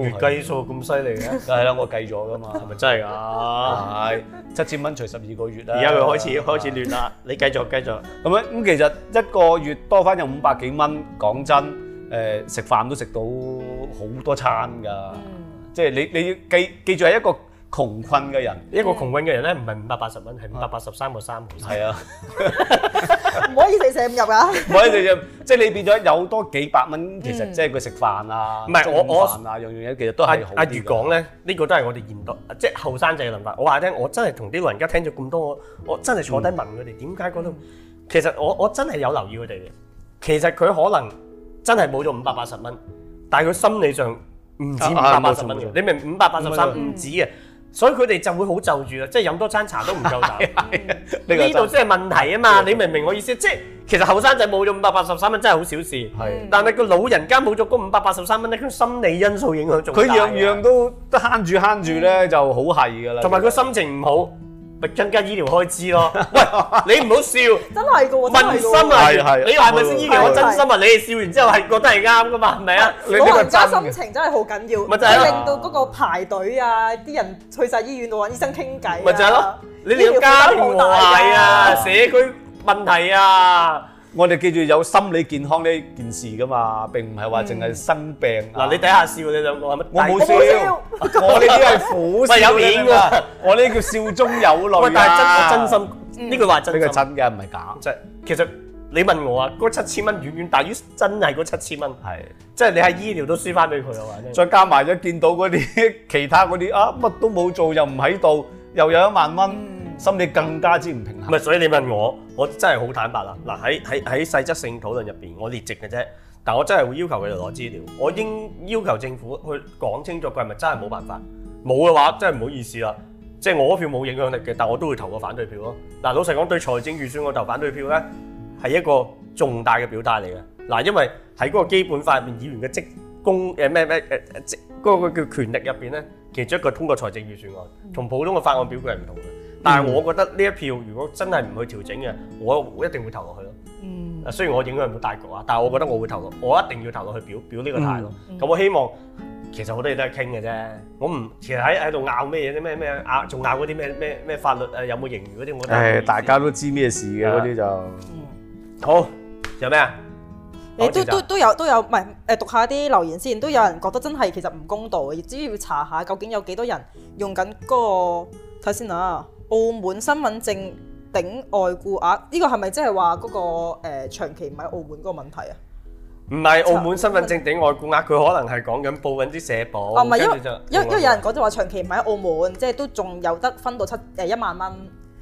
月計數咁犀利嘅，梗係啦，我計咗噶嘛，係咪真係㗎？係七千蚊除十二個月啦。而家佢開始開始亂啦，你繼續繼續咁樣，咁其實一個月多翻有五百幾蚊，講真。誒、呃、食飯都食到好多餐㗎，即係你你記記住係一個窮困嘅人，嗯、一個窮困嘅人咧，唔係五百八十蚊，係五百八十三個三毫。係像啊，
唔 [laughs] 可以四捨五入啊？
唔可以四入， [laughs] 即係你變咗有多幾百蚊，其實即係佢食飯啊，中午我啊，我我樣樣嘢其實都係、啊。阿阿如講咧，呢、呢個都係我哋現代即係後生仔嘅諗法。我話你聽，我真係同啲老人家聽咗咁多，我我真係坐低問佢哋點解覺得。其實我我真係有留意佢哋嘅，其實佢可能。真係冇咗五百八十蚊，但係佢心理上唔止五百八十蚊嘅，你明五百八十三唔止嘅，所以佢哋就會好就住咯，即係飲多餐茶都唔夠膽。呢度先係問題啊嘛，你明唔明我意思？即係其實後生仔冇咗五百八十三蚊真係好小事，但係個老人家冇咗嗰五百八十三蚊咧，佢心理因素影響仲。佢樣樣都慳住慳住咧，就好係㗎啦。同埋佢心情唔好。咪增加醫療開支咯！喂，你唔好笑，
真係個問心啊！你係咪先醫我真心
啊？你哋笑完之後係覺得係啱噶嘛？係咪啊？老人家心情
真係好緊要，咪就係令到嗰個排隊啊！啲人去晒醫院度揾醫生傾偈，咪就係咯！醫療加負大啊！社
區問題啊！我哋記住有心理健康呢件事噶嘛，並唔係話淨係生病。嗱，你底下笑你兩個係乜？我冇笑，
我呢啲係苦笑，唔係有面㗎，
我呢叫笑中有淚，但係真，我真心呢句話真。呢個真嘅唔係假。即係，其實你問我啊，嗰七千蚊遠遠大於真係嗰七千蚊。係，即係你喺醫療都輸翻俾佢啊嘛！再加埋咗見到嗰啲其他嗰啲啊，乜都冇做又唔喺度，又有一萬蚊，心理更加之唔平衡。唔係，所以你問我。我真係好坦白啦，嗱喺喺喺細則性討論入邊，我列席嘅啫，但我真係會要求佢哋攞資料。我應要求政府去講清楚，佢係咪真係冇辦法？冇嘅話，真係唔好意思啦。即係我票冇影響力嘅，但我都會投個反對票咯。嗱，老實講，對財政預算我投反對票咧，係一個重大嘅表態嚟嘅。嗱，因為喺嗰個基本法入面，議員嘅職工，誒咩咩誒誒職嗰個叫權力入邊咧，其中一個通過財政預算案，同普通嘅法案表決係唔同嘅。但係，我覺得呢一票如果真係唔去調整嘅，我一定會投落去咯。嗯。啊，雖然我影響唔到大局啊，但係我覺得我會投落，我一定要投落去表表呢個態度。咁、嗯嗯、我希望其實好多嘢都係傾嘅啫。我唔其實喺喺度拗咩嘢啫，咩咩拗仲拗嗰啲咩咩咩法律啊，有冇盈餘嗰啲我誒大家都知咩事嘅嗰啲就、嗯、好有咩啊？
你都都都有都有唔係誒？讀下啲留言先，都有人覺得真係其實唔公道嘅，亦都要查下究竟有幾多人用緊嗰、嗰個睇先啊。澳門身份證頂外顧額，呢個係咪即係話嗰個誒長期唔喺澳門嗰個問題啊？
唔係澳門身份證頂外顧額，佢可能係講緊報緊啲社保。啊唔係，因為因為有人
講就話長期唔喺澳門，即係都仲有得分到七誒一萬蚊。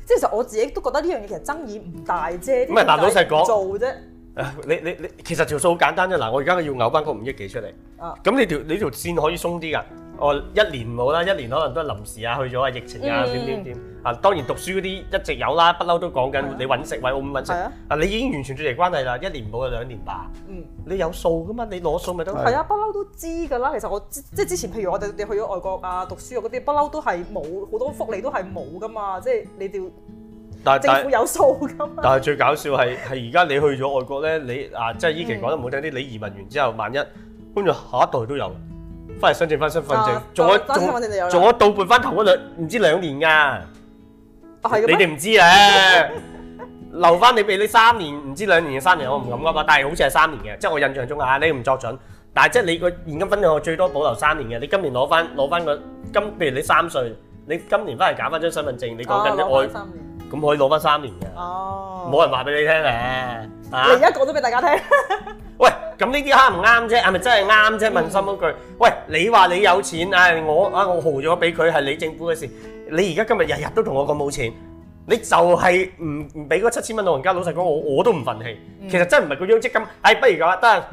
即係其實我自己都覺得呢樣嘢其實爭議唔大啫。唔係啊，但老實講，做啫。
啊，你你你，其實條數好簡單啫。嗱，我而家要嘔翻嗰五億幾出嚟。啊。咁你條你條線可以鬆啲㗎？哦，一年冇啦，一年可能都係臨時啊，去咗啊，疫情啊，點點點啊，當然讀書嗰啲一直有啦，不嬲都講緊你揾食位，我唔揾食啊，啊你已經完全脫離關係啦，一年冇啊，兩年吧，嗯，你有數噶嘛，你攞數咪得咯，係啊，
不嬲都知噶啦，其實我即係之前譬如我哋你去咗外國啊讀書嗰啲，不嬲都係冇好多福利都係冇噶嘛，嗯、即係你哋，
但政府有
數噶嘛，但
係最搞笑係係而家你去咗外國咧，你啊即係依期講得唔好聽啲，嗯、你移民完之後萬一，跟住下一代都有。翻嚟申請翻身份證，仲可以仲可以倒背翻頭嗰兩唔知兩年噶，
你哋
唔知咧，留翻你俾你三年唔知兩年定三年，我唔敢講，但係好似係三年嘅，即係我印象中啊，你唔作準，但係即係你個現金分享我最多保留三年嘅，你今年攞翻攞翻個今，譬如你三歲，你今年翻嚟搞翻張身份證，你講緊我，咁可以攞翻三年嘅，冇人話俾你聽咧，我而家
講咗俾大家聽。
咁呢啲啱唔啱啫？係咪真係啱啫？問心嗰句，喂，你話你有錢，唉，我啊，我豪咗俾佢係你政府嘅事。你而家今日日日都同我講冇錢，你就係唔唔俾嗰七千蚊老人家。老實講，我我都唔憤氣。其實真係唔係個央積金，唉，不如咁啦，得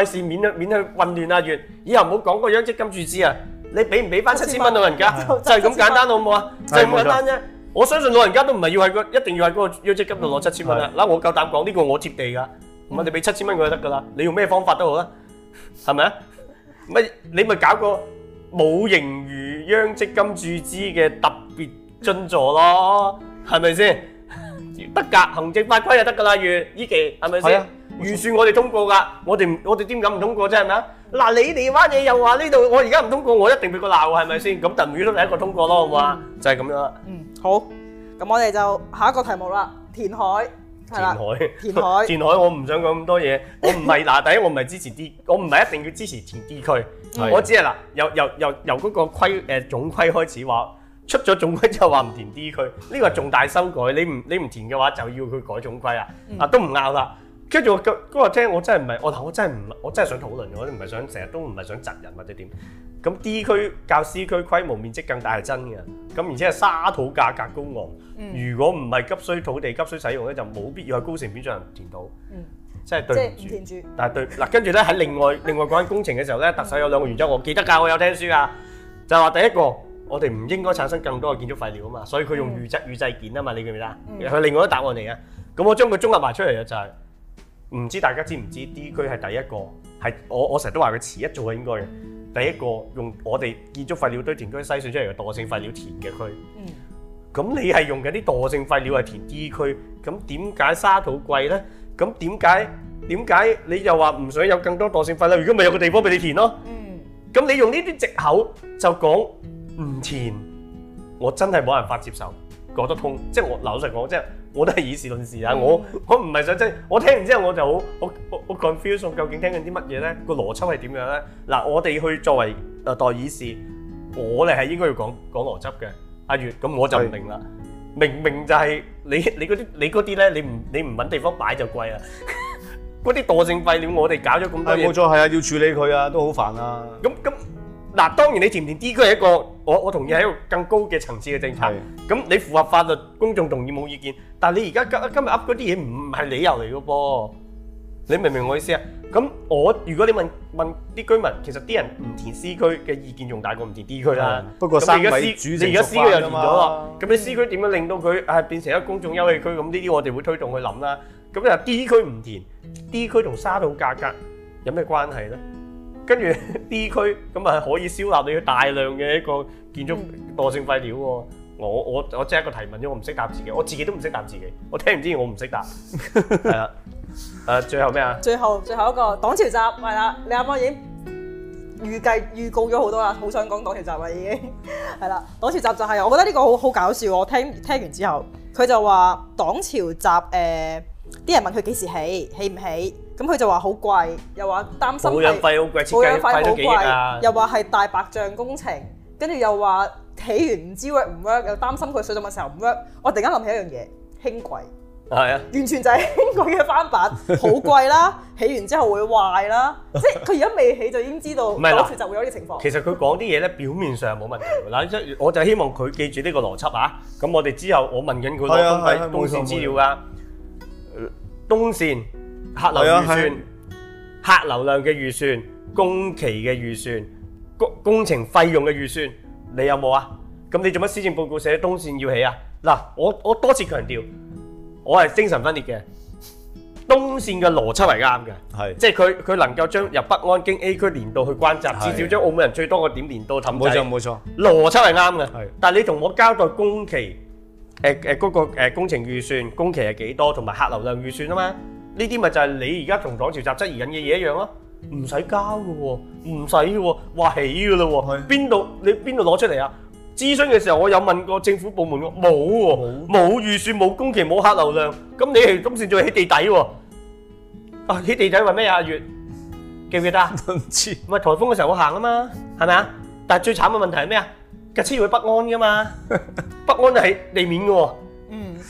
費事免去免去混亂啊！月以後唔好講個央積金注資啊，你俾唔俾翻七千蚊老人家，就係咁簡單，好冇啊？就係咁簡單啫！我相信老人家都唔係要喺個，一定要喺嗰個央積金度攞七千蚊啦。嗱，我夠膽講呢個我貼地㗎。我哋俾七千蚊佢就得噶啦，你用咩方法都好啦，係咪啊？咪你咪搞個冇盈餘央積金注資嘅特別津貼咯，係咪先？得格行政法規就得噶啦，如依期係咪先？預算我哋通過噶，我哋我哋點敢唔通過啫？係咪啊？嗱，你哋玩嘢又話呢度，我而家唔通過，我一定俾佢鬧，係咪先？咁但係如果你一個通過咯，好唔好啊？就係咁樣啦。嗯，
好。咁我哋就下一個題目啦，填海。填
海，填海，填海我不！我唔想講咁多嘢。我唔係嗱，第一我唔係支持 D，我唔係一定要支持 D [laughs] 填 D 區。我只係嗱，由由由由嗰個規誒總規開始話，出咗總規之後話唔填 D 區，呢個係重大修改，你唔你唔填嘅話就要去改總規啦。啊，都唔啱啦。跟住我個，嗰聽我真係唔係我我真係唔，我真係想討論我我唔係想成日都唔係想窒人或者點咁 D 區較 C 區規模面積更大係真嘅。咁而且係沙土價格高昂，嗯、如果唔係急需土地急需使用咧，就冇必要喺高成本上填土，嗯、即係對住，但係對嗱。跟住咧喺另外另外嗰間工程嘅時候咧，特首有兩個原則，我記得㗎，我有聽書㗎，就話第一個我哋唔應該產生更多嘅建築廢料啊嘛，所以佢用預製、嗯、預製件啊嘛，你記唔記得啊？係、嗯、另外一答案嚟嘅。咁我將佢綜合埋出嚟就係、是。唔知大家知唔知 D 區係第一個係我我成日都話佢遲一做嘅應該嘅第一個用我哋建築廢料堆填區篩選出嚟嘅惰性廢料填嘅區。嗯，咁、嗯、你係用緊啲惰性廢料嚟填 D 區，咁點解沙土貴咧？咁點解點解你又話唔想有更多惰性廢料？如果咪有個地方俾你填咯。嗯，咁你用呢啲藉口就講唔填，我真係冇辦法接受，講得通。即係我嗱，我成日講即係。我都係以事論事啊。我我唔係想即我聽完之後我就好好好 confused，究竟聽緊啲乜嘢咧？個邏輯係點樣咧？嗱，我哋去作為誒代議士，我哋係應該要講講邏輯嘅。阿月，咁我就唔明啦。是明明就係你你嗰啲你嗰啲咧，你唔你唔揾地方擺就貴啦！嗰 [laughs] 啲惰性廢料我哋搞咗咁多冇錯係啊，要處理佢啊，都好煩啊。咁咁。嗱，當然你填唔填 D 區係一個，我我同意係一個更高嘅層次嘅政策。咁你符合法律，公眾同意冇意見。但係你而家今日噏嗰啲嘢唔係理由嚟嘅噃。你明唔明我意思啊？咁我如果你問問啲居民，其實啲人唔填 C 區嘅意見仲大過唔填 D 區啦。不過而家 C 區又化咗嘛。咁你 C 區點樣令到佢係變成一個公眾優惠區？咁呢啲我哋會推動佢諗啦。咁啊，D 區唔填，D 區同沙土價格有咩關係咧？跟住 D 區咁啊，可以消納你嘅大量嘅一個建築惰性廢料喎。我我我即係一個提問啫，我唔識答自己，我自己都唔識答自己。我聽唔知，我唔識答係啦。誒，最後咩啊？
最後最後一個《黨潮集》係啦，你阿媽已經預計預告咗好多啦，好想講《黨潮集、就是》啦已經係啦，《黨潮集》就係我覺得呢個好好搞笑喎。聽聽完之後，佢就話《黨潮集》誒、呃、啲人問佢幾時起，起唔起？咁佢就話好貴，又話擔心保養費，好貴設計費都貴，又話係大白象工程，跟住又話起完唔知 work 唔 work，又擔心佢水浸嘅時候唔 work。我突然間諗起一樣嘢，輕軌，
係啊，
完全就係輕軌嘅翻版，好貴啦，起完之後會壞啦，即係佢而家未起就已經知道，唔係咯，就會有呢個情況。其
實佢講啲嘢咧，表面上冇問題。嗱，即係我就希望佢記住呢個邏輯啊。咁我哋之後我問緊佢，我都俾公司資料噶，東線。客流預算、啊啊、客流量嘅預算、工期嘅預算、工工程費用嘅預算，你有冇啊？咁你做乜施政報告寫東線要起啊？嗱，我我多次強調，我係精神分裂嘅。東線嘅邏輯係啱嘅，係的即係佢佢能夠將入北安經 A 區連到去關閘，的至少將澳門人最多嘅點連到氹仔，冇錯冇錯。錯邏輯係啱嘅，係的但係你同我交代工期，誒誒嗰個誒工程預算工期係幾多，同埋客流量預算啊嘛。嗯。呢啲咪就係你而家同港潮雜質而緊嘅嘢一樣咯、啊，唔使交嘅喎、啊，唔使嘅喎，話起嘅啦喎，邊度的你邊度攞出嚟啊？諮詢嘅時候我有問過政府部門，冇喎，冇、啊、沒預算，冇工期，冇客流量，咁你哋今時仲起地底喎、啊？啊，起地底為咩啊？阿月記唔記得啊？唔知。咪颱風嘅時候我行啊嘛，係咪啊？但係最慘嘅問題係咩啊？架車要去北安嘅嘛， [laughs] 北安就喺地面嘅喎、啊。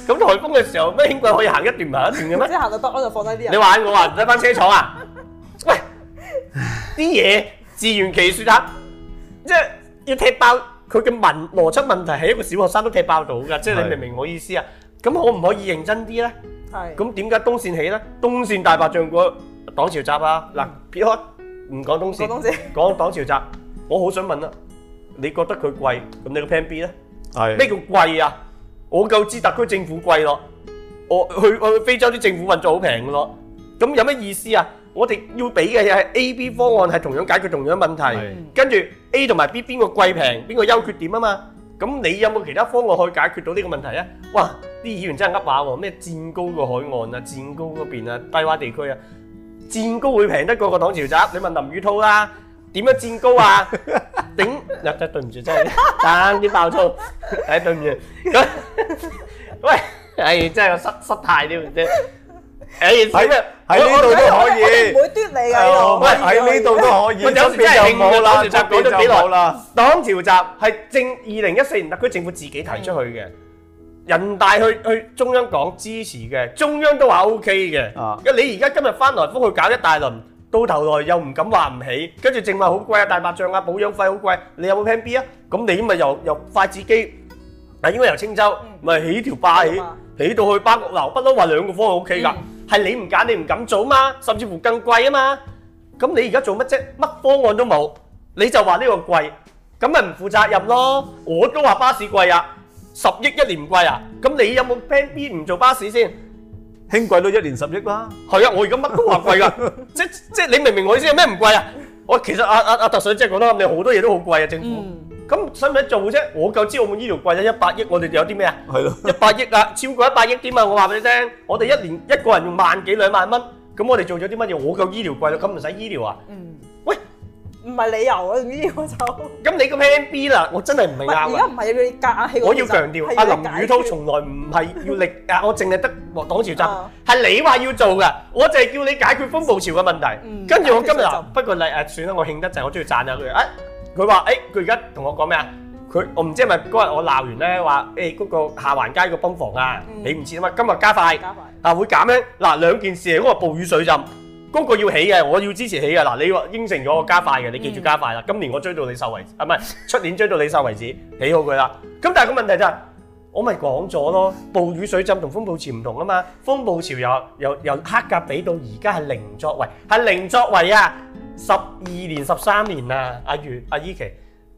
咁颱風嘅時候咩輕軌可以行一段唔係一段嘅咩？即係
行到北安就放低啲人。你玩我唔
使翻車廠啊？喂，啲嘢自圓其說吓，
即係要踢爆佢嘅
問邏輯問題，係一個小學生都踢爆到噶。即係你明唔明我意思啊？咁可唔可以認真啲咧？係。咁點解東線起咧？東線大白象個擋潮閘啊？嗱，撇開唔講東線，講擋潮閘，我好想問啦，你覺得佢貴？咁你個 plan B 咧？係。咩叫貴啊？我夠知特區政府貴咯，我去去非洲啲政府運作好平噶咯，咁有咩意思啊？我哋要俾嘅嘢係 A、B 方案係同樣解決同樣問題，是跟住 A 同埋 B 邊個貴平，邊個優缺點啊嘛？咁你有冇其他方案可以解決到呢個問題啊？哇！啲議員真係呃把喎，咩佔高個海岸啊，佔高嗰邊啊，低洼地區啊，佔高會平得過個擋潮閘？你問林宇滔啦，啊，點樣佔高啊？ [laughs] 真，真對唔住真，但啲爆粗，真對唔住。喂，真係失失態啲，誒喺咩？喺呢度都可以。我我我我唔會
攤你嘅。係喎，喺呢度都可以。有時又冇諗，拆幾多幾耐啦。
黨潮雜係正二零一四年特區政府自己提出去嘅，人大去去中央講支持嘅，中央都話 OK 嘅。啊，你而家今日翻來覆去搞一大輪。到頭來又唔敢話唔起，跟住淨話好貴啊，大白象啊，保養費好貴，你有冇 plan B 啊？咁你咪又又筷子基，嗱應該由青州咪起條壩起，起到去巴國樓，不嬲話兩個方案 OK 㗎，係你唔揀，你唔敢做嘛，甚至乎更貴啊嘛，咁你而家做乜啫？乜方案都冇，你就話呢個貴，咁咪唔負責任咯。我都話巴士貴啊，十億一年貴啊，咁你有冇 plan B 唔做巴士先？輕軌都一年十億啦，係啊！我而家乜都話貴噶，即即你明唔明我意思？係咩唔貴啊？我其實阿阿阿特首即係講得你好多嘢都好貴啊，政府。咁使唔使做啫？我夠知澳門醫療貴咗一百億，我哋仲有啲咩啊？係咯，一百億啊，超過一百億點啊？我話俾你聽，我哋一年一個人用萬幾兩萬蚊，咁我哋做咗啲乜嘢？我夠醫療貴咗，咁唔使醫療啊？嗯。
唔係理由啊，
總之我就。咁你個 M B 啦，我真係唔明啊。而家唔係要你夾
硬起個。我要強調，阿林宇滔
從來唔係要力，但係我淨係得獲黨潮贊，係你話要做㗎，我就係叫你解決風暴潮嘅問題。跟住我今日，不過你誒算啦，我慶得就係我中意贊下佢。誒，佢話誒，佢而家同我講咩啊？佢我唔知係咪嗰日我鬧完咧話誒嗰個下環街個泵房啊？你唔知啊嘛？今日加快，加快，嗱會減咧，嗱兩件事係嗰個暴雨水浸。嗰個要起嘅，我要支持起嘅。嗱，你應承咗我加快嘅，你記住加快啦。嗯、今年我追到你受為止，啊唔係出年追到你受為止，起好佢啦。咁但係個問題就係，我咪講咗囉，暴雨水浸同風暴潮唔同啊嘛。風暴潮由黑格比到而家係零作為，係零作為啊，十二年十三年啊，阿月阿依琪。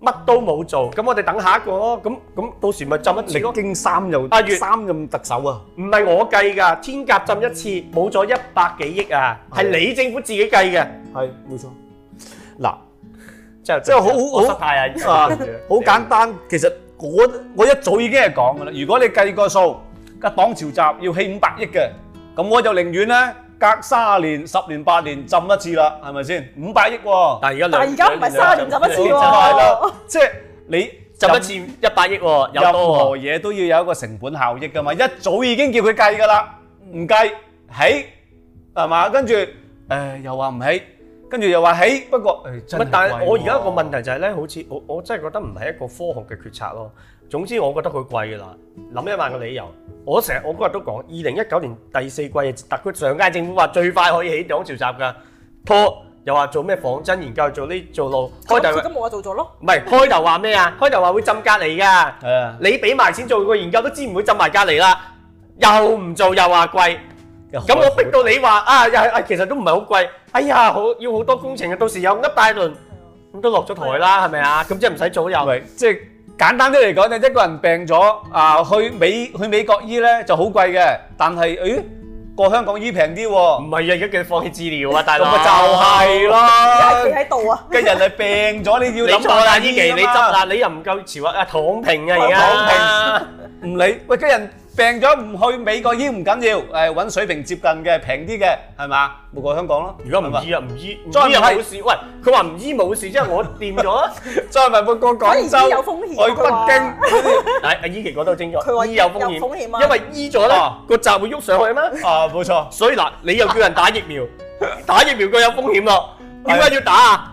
乜都冇做，咁我哋等下一個咯。咁咁到時咪浸一次咯。三又三又咁特首啊？唔係我計㗎，天甲浸一次冇咗一百幾億啊，係你政府自己計嘅。係冇錯。嗱，即係即係好好好簡單。其實我我一早已經係講㗎喇。如果你計個數，個擋潮閘要起五百億嘅，咁我就寧願咧。隔三年、十年、八年浸一次啦，係咪先？五百億喎。但係而家兩，但係而家唔係三年浸一次喎。即係你浸一次一百億喎，任何嘢都要有一個成本效益噶嘛。一早已經叫佢計噶啦，唔計起係嘛？跟住誒又話唔起，跟住又話起，不過誒。但係我而家個問題就係咧，好似我我真係覺得唔係一個科學嘅決策咯。總之我覺得佢貴㗎啦，諗一萬個理由，我成日我嗰日都講，二零一九年第四季，特區上屆政府話最快可以起港兆集㗎，拖又話做咩仿真研究做呢做路，開頭冇
話做咗咯，
唔係開頭話咩啊？開頭話會浸隔離㗎，你俾埋錢做個研究都知唔會浸埋隔離啦，又唔做又話貴，咁我逼到你話啊又係，其實都唔係好貴，哎呀好要好多工程啊，到時又噏大輪，咁都落咗台啦係咪啊？咁即係唔使做又，即係。簡單啲嚟講，你一個人病咗啊，去美去美國醫咧就好貴嘅，但係誒過香港醫平啲喎。唔係啊，而家幾多放棄治療啊？大佬就係咯。
跟人哋病咗，你要諗過阿依琪，你執啦，你又
唔夠潮啊，躺平啊，而家躺平，唔理，喂，跟人。病咗唔去美國醫唔緊要，誒揾水平接近嘅平啲嘅，係嘛？冇過香港咯。如果唔醫啊，唔醫，再醫又冇事喂，佢話唔醫冇事，即係我掂咗啦。再唔係冇過廣州、北京，係啊，醫其實都好精嘅。佢話醫有風險，因為醫咗咧，個集會喐上去咩。啊，冇錯。所以嗱，你又叫人打疫苗，打疫苗佢有風險咯。點解要打啊？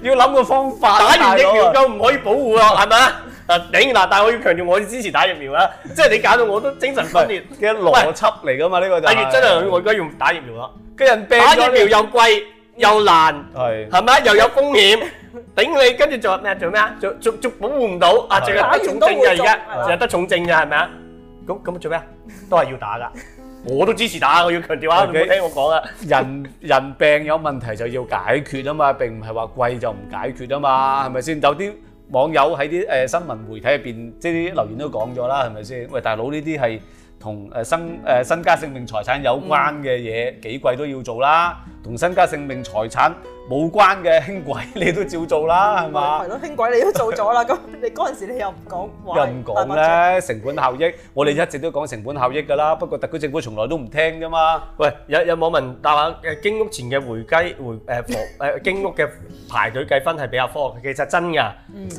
要諗個方法。打完疫苗就唔可以保護啊，係咪啊？啊頂嗱，但係我要強調，我支持打疫苗啦。即係你搞到我都精神分裂嘅邏輯嚟噶嘛？呢個就真係我而家要打疫苗啦。佢人病，打疫苗又貴又難，係係咪又有風險？頂你跟住做咩？做咩啊？做做做保護唔到啊！打完都會重症㗎，成日得重症㗎係咪啊？咁咁做咩啊？都係要打㗎，我都支持打。我要強調啊，唔好聽我講啦。人人病有問題就要解決啊嘛，並唔係話貴就唔解決啊嘛，係咪先？有啲網友喺啲、呃、新聞媒體入面，即、就、啲、係、留言都講咗啦，係咪先？喂，大佬呢啲係同身家性命財產有關嘅嘢，幾、嗯、貴都要做啦，同身家性命財產，冇關嘅輕軌，你都照做啦，係嘛？係咯，
輕軌你都做咗啦，咁你嗰陣時你
又唔講話，又唔講咧成本效益，我哋一直都講成本效益㗎啦。不過特區政府從來都唔聽㗎嘛。喂，有有網民答話誒經屋前嘅回雞回誒房誒經屋嘅排隊計分係比較科學，其實真㗎，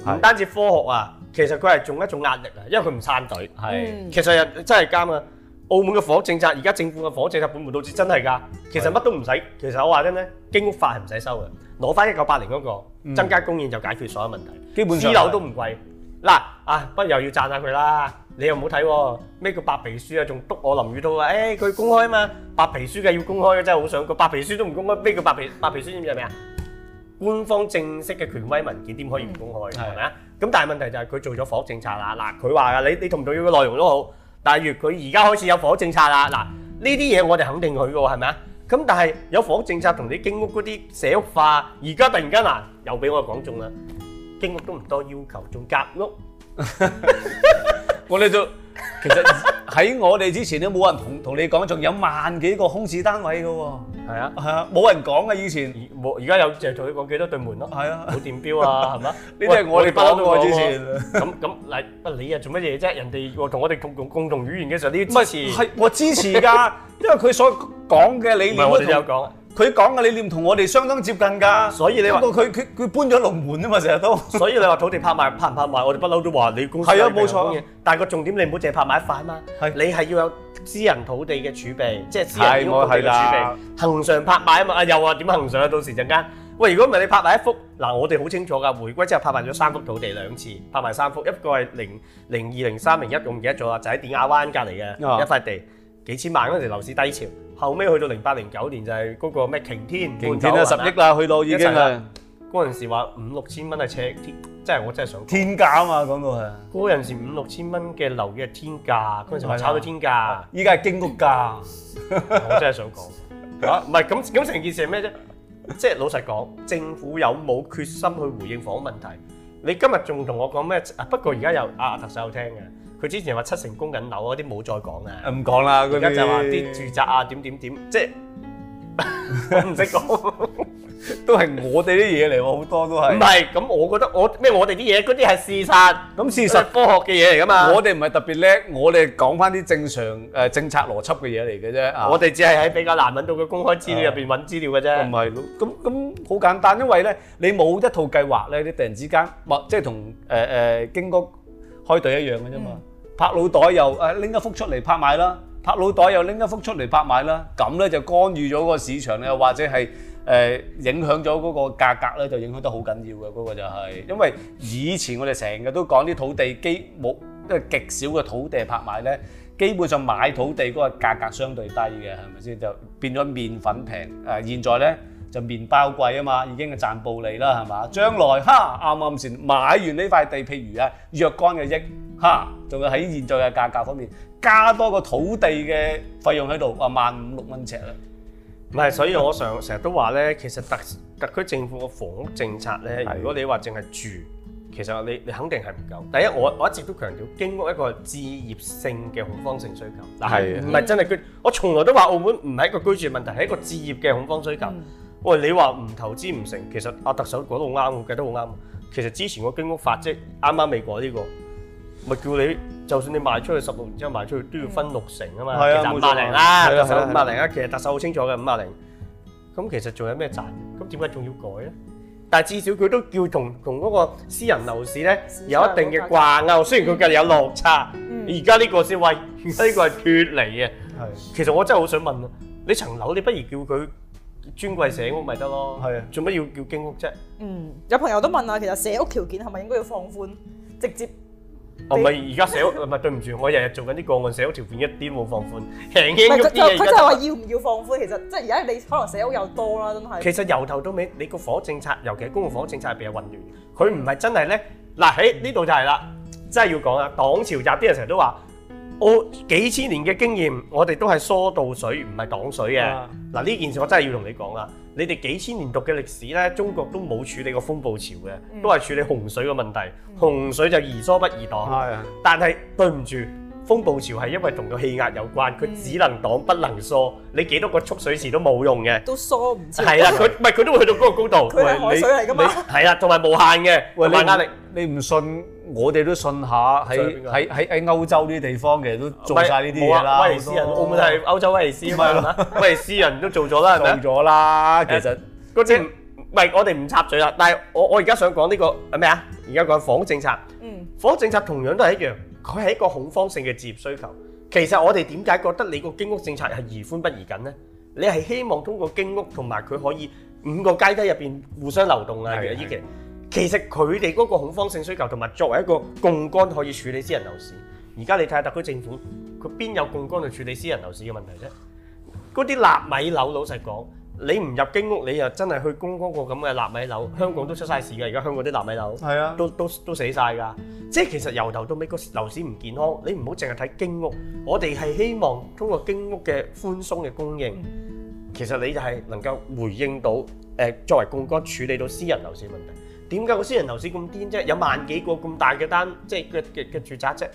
唔單止科學啊，其實佢係一種一種壓力啊，因為佢唔參隊。係，其實又真係啱啊。澳門嘅房屋政策，而家政府嘅房屋政策本末倒置，真係㗎。其實乜都唔使，其實我話真咧，經法係唔使收嘅，攞翻一九八零嗰個增加供應就解決所有問題，嗯、基本主私都唔貴。嗱，啊，不、啊、又要讚下佢啦。你又冇睇喎，咩叫白皮書啊？仲督我林宇滔啊？誒、欸，佢公開啊嘛，白皮書嘅要公開嘅，真係好想佢。白皮書都唔公開，咩叫白皮白皮書？知唔知係咩啊？官方正式嘅權威文件點可以唔公開㗎？係咪啊？咁是但係問題就係佢做咗房屋政策啦。嗱、啊，佢話噶，你你同唔同意嘅內容都好。但係如佢而家開始有房屋政策啦，嗱呢啲嘢我哋肯定佢嘅喎，係咪啊？咁但係有房屋政策同你經屋嗰啲社屋化，而家突然間嗱又俾我講中啦，經屋都唔多要求，仲夾屋，我哋就。 [laughs] 其實喺我哋之前都冇人同同你講，仲有萬幾個空置單位嘅喎。係啊，係啊，冇人講嘅以前。而而家有淨係同你講幾多對門咯。係啊，冇電表啊，係嘛？ [laughs] 呢啲係我哋講㗎之前。咁咁嗱，你啊做乜嘢啫？人哋同我哋共共共同語言嘅時候，你要支持。係我支持噶，因為佢所講嘅理念。 [laughs] 唔係我哋有講。佢講嘅理念同我哋相當接近㗎，不過佢佢佢搬咗龍門啊嘛，成日都。所以你話土地拍賣拍唔拍賣，我哋不嬲都話你公司係啊，冇錯嘅。但係個重點你唔好淨係拍賣一塊啊嘛，你係要有私人土地嘅儲備，即係私人要土地嘅儲備。恆常拍賣啊嘛，啊又話點恆常啊？到時陣間，喂，如果唔係你拍賣一幅，嗱我哋好清楚㗎，回歸之後拍賣咗三幅土地兩次，拍賣三幅，一個係零零二零三零一，仲記唔記得咗啊？就喺典雅灣隔離嘅一塊地。幾千萬嗰陣時候樓市低潮，後尾去到零八零九年就係嗰個咩擎天，擎、啊、天啊十億啦去到已經啦。嗰陣、啊、時話五六千蚊係赤天，即係我真係想講天價啊嘛講到係，嗰陣時候五六千蚊嘅樓嘅天價，嗰陣時候我炒到天價，依家係經屋價。 [laughs] 我真係想講嚇，唔係咁咁成件事係咩啫？即係 [laughs] 老實講，政府有冇決心去回應房屋問題？你今日仲同我講咩？不過而家又，阿特首有聽嘅。佢之前話七成供緊樓嗰啲冇再講啊，唔講啦，而家就話啲住宅啊點點點，即係我唔識講，都係我哋啲嘢嚟喎，好多都係。唔係，咁我覺得我咩我哋啲嘢嗰啲係事實，咁事實科學嘅嘢嚟㗎嘛。我哋唔係特別叻，我哋講翻啲正常誒政策邏輯嘅嘢嚟嘅啫。我哋只係喺比較難揾到嘅公開資料入邊揾資料嘅啫。唔係，咁咁好簡單，因為咧你冇一套計劃咧，你突然之間，哇！即係同誒誒京哥開隊一樣嘅啫嘛。拍腦袋又誒拎一幅出嚟拍賣啦，拍腦袋又拎一幅出嚟拍賣啦，咁咧就干預咗個市場咧，或者係誒影響咗嗰個價格咧，就影響得好緊要嘅嗰個就係，因為以前我哋成日都講啲土地基冇，即係極少嘅土地拍賣咧，基本上買土地嗰個價格相對低嘅，係咪先？就變咗麵粉平，誒現在咧就麵包貴啊嘛，已經係賺暴利啦，係嘛？將來哈啱啱先買完呢塊地，譬如啊若干嘅億。嚇，仲要喺現在嘅價格方面加多個土地嘅費用喺度，話萬五六蚊尺啦。唔係，所以我成成日都話咧，其實特特區政府嘅房屋政策咧，係啊，如果你話淨係住，其實你你肯定係唔夠。第一，我我一直都強調經屋一個置業性嘅恐慌性需求。係啊，唔係真係居，我從來都話澳門唔係一個居住問題，係一個置業嘅恐慌需求。喂、嗯，我話你話唔投資唔成，其實阿特首講得好啱，我覺得好啱。其實之前個經屋法即係啱啱未改呢個。咪叫你，就算你賣出去十六年之後賣出去，都要分六成啊嘛。係啊，五百零啦，就係五百零啊。其實特首好清楚嘅，五百零咁。其實仲有咩賺？咁點解仲要改咧？但係至少佢都叫同同嗰個私人樓市咧有一定嘅掛鈎。雖然佢隔籬有落差，而家呢個先喂，呢個係脱離嘅。係其實我真係好想問啊，你層樓你不如叫佢尊貴社屋咪得咯？係啊，做乜要叫經屋啫？
嗯，有朋友都問啊，其實社屋條件係咪應該要放寬，直接？
你 哦，唔係而家社屋，唔係 [laughs] 對唔住，我日日做緊啲個案，社屋條片一啲冇放寬，輕輕郁啲嘢。佢就係話要
唔要放寬？其實即係而家你可能社屋又多啦，真係。其
實由頭到尾，你個房屋政策，尤其係公共房屋政策係比較混亂的，佢唔係真係咧。嗱喺呢度就係啦，真係要講啊！黨潮入邊啲人成日都話。我幾千年嘅經驗，我哋都係疏導水，唔係擋水嘅。嗱，呢是的 件事我真係要同你講啦。你哋幾千年讀嘅歷史呢，中國都冇處理過風暴潮嘅，都係處理洪水嘅問題。洪水就宜疏不宜擋。是的 但係對唔住。風暴潮係因為同個氣壓有關，佢只能擋不能疏，你幾多個蓄水池都冇用嘅。
都疏唔？係啦，佢
唔係佢都會去到嗰個高度。佢海水嚟㗎嘛。係啦，同埋無限嘅。無限壓力。你唔信？我哋都信下，喺喺喺喺歐洲呢啲地方其實都做曬呢啲嘢啦。威尼斯啊，澳門係歐洲威尼斯啊嘛。威尼斯人都做咗啦，係咪？做咗啦，其實。嗰啲唔係我哋唔插嘴啦。但係我我，而家想講呢個係咩啊？而家講房屋政策。嗯。房屋政策同樣都係一樣。佢係一個恐慌性嘅置業需求，其實我哋點解覺得你個經屋政策係宜寬不宜緊呢？你係希望通過經屋同埋佢可以五個階梯入邊互相流動啊？是的 其實佢哋嗰個恐慌性需求同埋作為一個槓桿可以處理私人樓市，而家你睇下特區政府佢邊有槓桿去處理私人樓市嘅問題啫？嗰啲納米樓老實講。你唔入經屋，你又真係去供嗰個咁嘅納米樓，香港都出晒事㗎。而家香港啲納米樓都都都死晒㗎，即係其實由頭到尾個樓市唔健康。你唔好淨係睇經屋，我哋係希望通過經屋嘅寬鬆嘅供應，其實你就係能夠回應到誒作為槓桿處理到私人樓市問題。點解個私人樓市咁癲啫？有萬幾個咁大嘅單，即係嘅嘅住宅啫。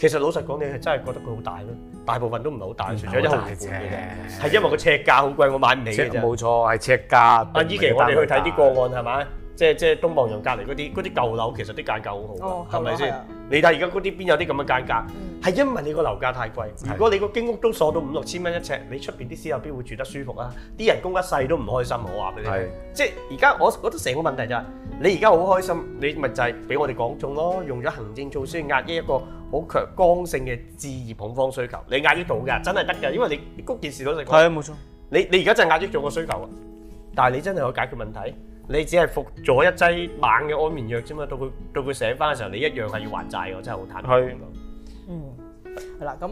其實老實講，你係真係覺得佢好大咯，大部分都唔係好大，嗯、除咗一號嘅館嘅啫。係因為個呎價好貴，我買唔起嘅啫。冇錯，係呎價。啊，依我哋去睇啲個案，係咪？即係即係東望洋隔離嗰啲嗰啲舊樓，其實啲間隔好好啊，係咪先？你睇而家嗰啲邊有啲咁嘅間隔？係因為你個樓價太貴。如果你個經屋都鎖到五六千蚊一尺，你出邊啲私樓邊會住得舒服啊？啲人工一世都唔開心。我話俾你聽，即係而家我覺得成個問題就係你而家好開心，你咪就係俾我哋講中咯。用咗行政措施壓抑一個好強剛性嘅置業恐慌需求，你壓抑到㗎，真係得㗎，因為你嗰件事都係。係啊，冇錯。你你而家真係壓抑到個需求啊！但係你真係可以解決問題？你只係服咗一劑猛嘅安眠藥啫嘛，到佢到佢醒翻嘅時候，你一樣係要還債嘅，真係好慘。去，嗯，
係啦，咁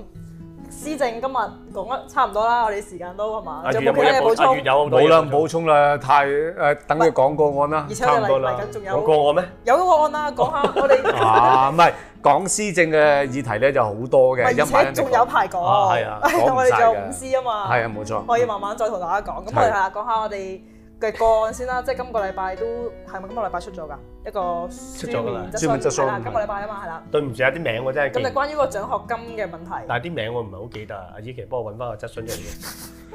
施政今日講得差唔多啦，我哋時間都係嘛，有冇補充？冇啦，唔
補充啦，太誒，等佢講個案啦。而且嚟緊仲有冇個案咩？
有個案啦，講下我哋。啊，
唔係講施政嘅議題咧就好多嘅，而且仲有排講。係啊，我哋仲有五司啊嘛。係啊，冇錯。可以慢
慢再同大家講。咁我哋係啊，講下我哋。嘅個案先啦，即係今個禮拜都係咪今個禮拜出咗噶，一個出咗噶啦，專門質詢，今個禮拜啊嘛，係啦。
對唔住，有啲名我真係。咁就關
於個獎學金嘅問題。但
係啲名我唔係好記得，阿依琪幫我揾翻個質詢嘅嘢。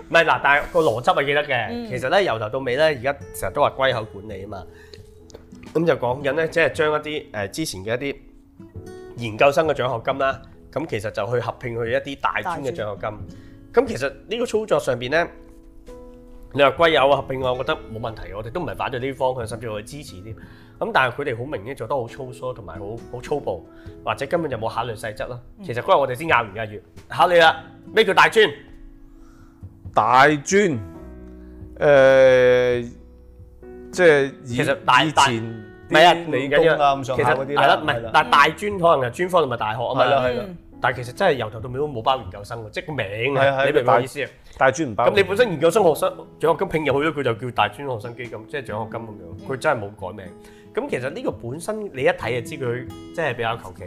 唔係嗱，但係個邏輯係記得嘅。嗯、其實咧，由頭到尾咧，而家成日都話歸口管理啊嘛。咁就講緊咧，即係將一啲誒之前嘅一啲研究生嘅獎學金啦，咁其實就去合併去一啲大專嘅獎學金。咁其實呢尊個操作上邊咧？你話貴友啊合併我覺得冇問題我哋都唔係反對呢啲方向，甚至我係支持啲。咁但係佢哋好明顯做得好粗疏，同埋好好粗暴，或者根本就冇考慮細則咯。其實嗰日我哋先拗完阿月，考慮啦咩叫大專？大專誒，即係以前。其實大前唔係啊，你緊張啊？其實大唔係，但係大專可能係專科同埋大學啊，係啦，但係其實真係由頭到尾都冇包研究生喎，即個名啊，你明白我意思啊？大專唔包。咁你本身研究生學生獎學金拼入去咗，佢就叫大專學生基金，即係獎學金咁樣。佢真係冇改名。咁其實呢個本身你一睇就知佢真係比較求其。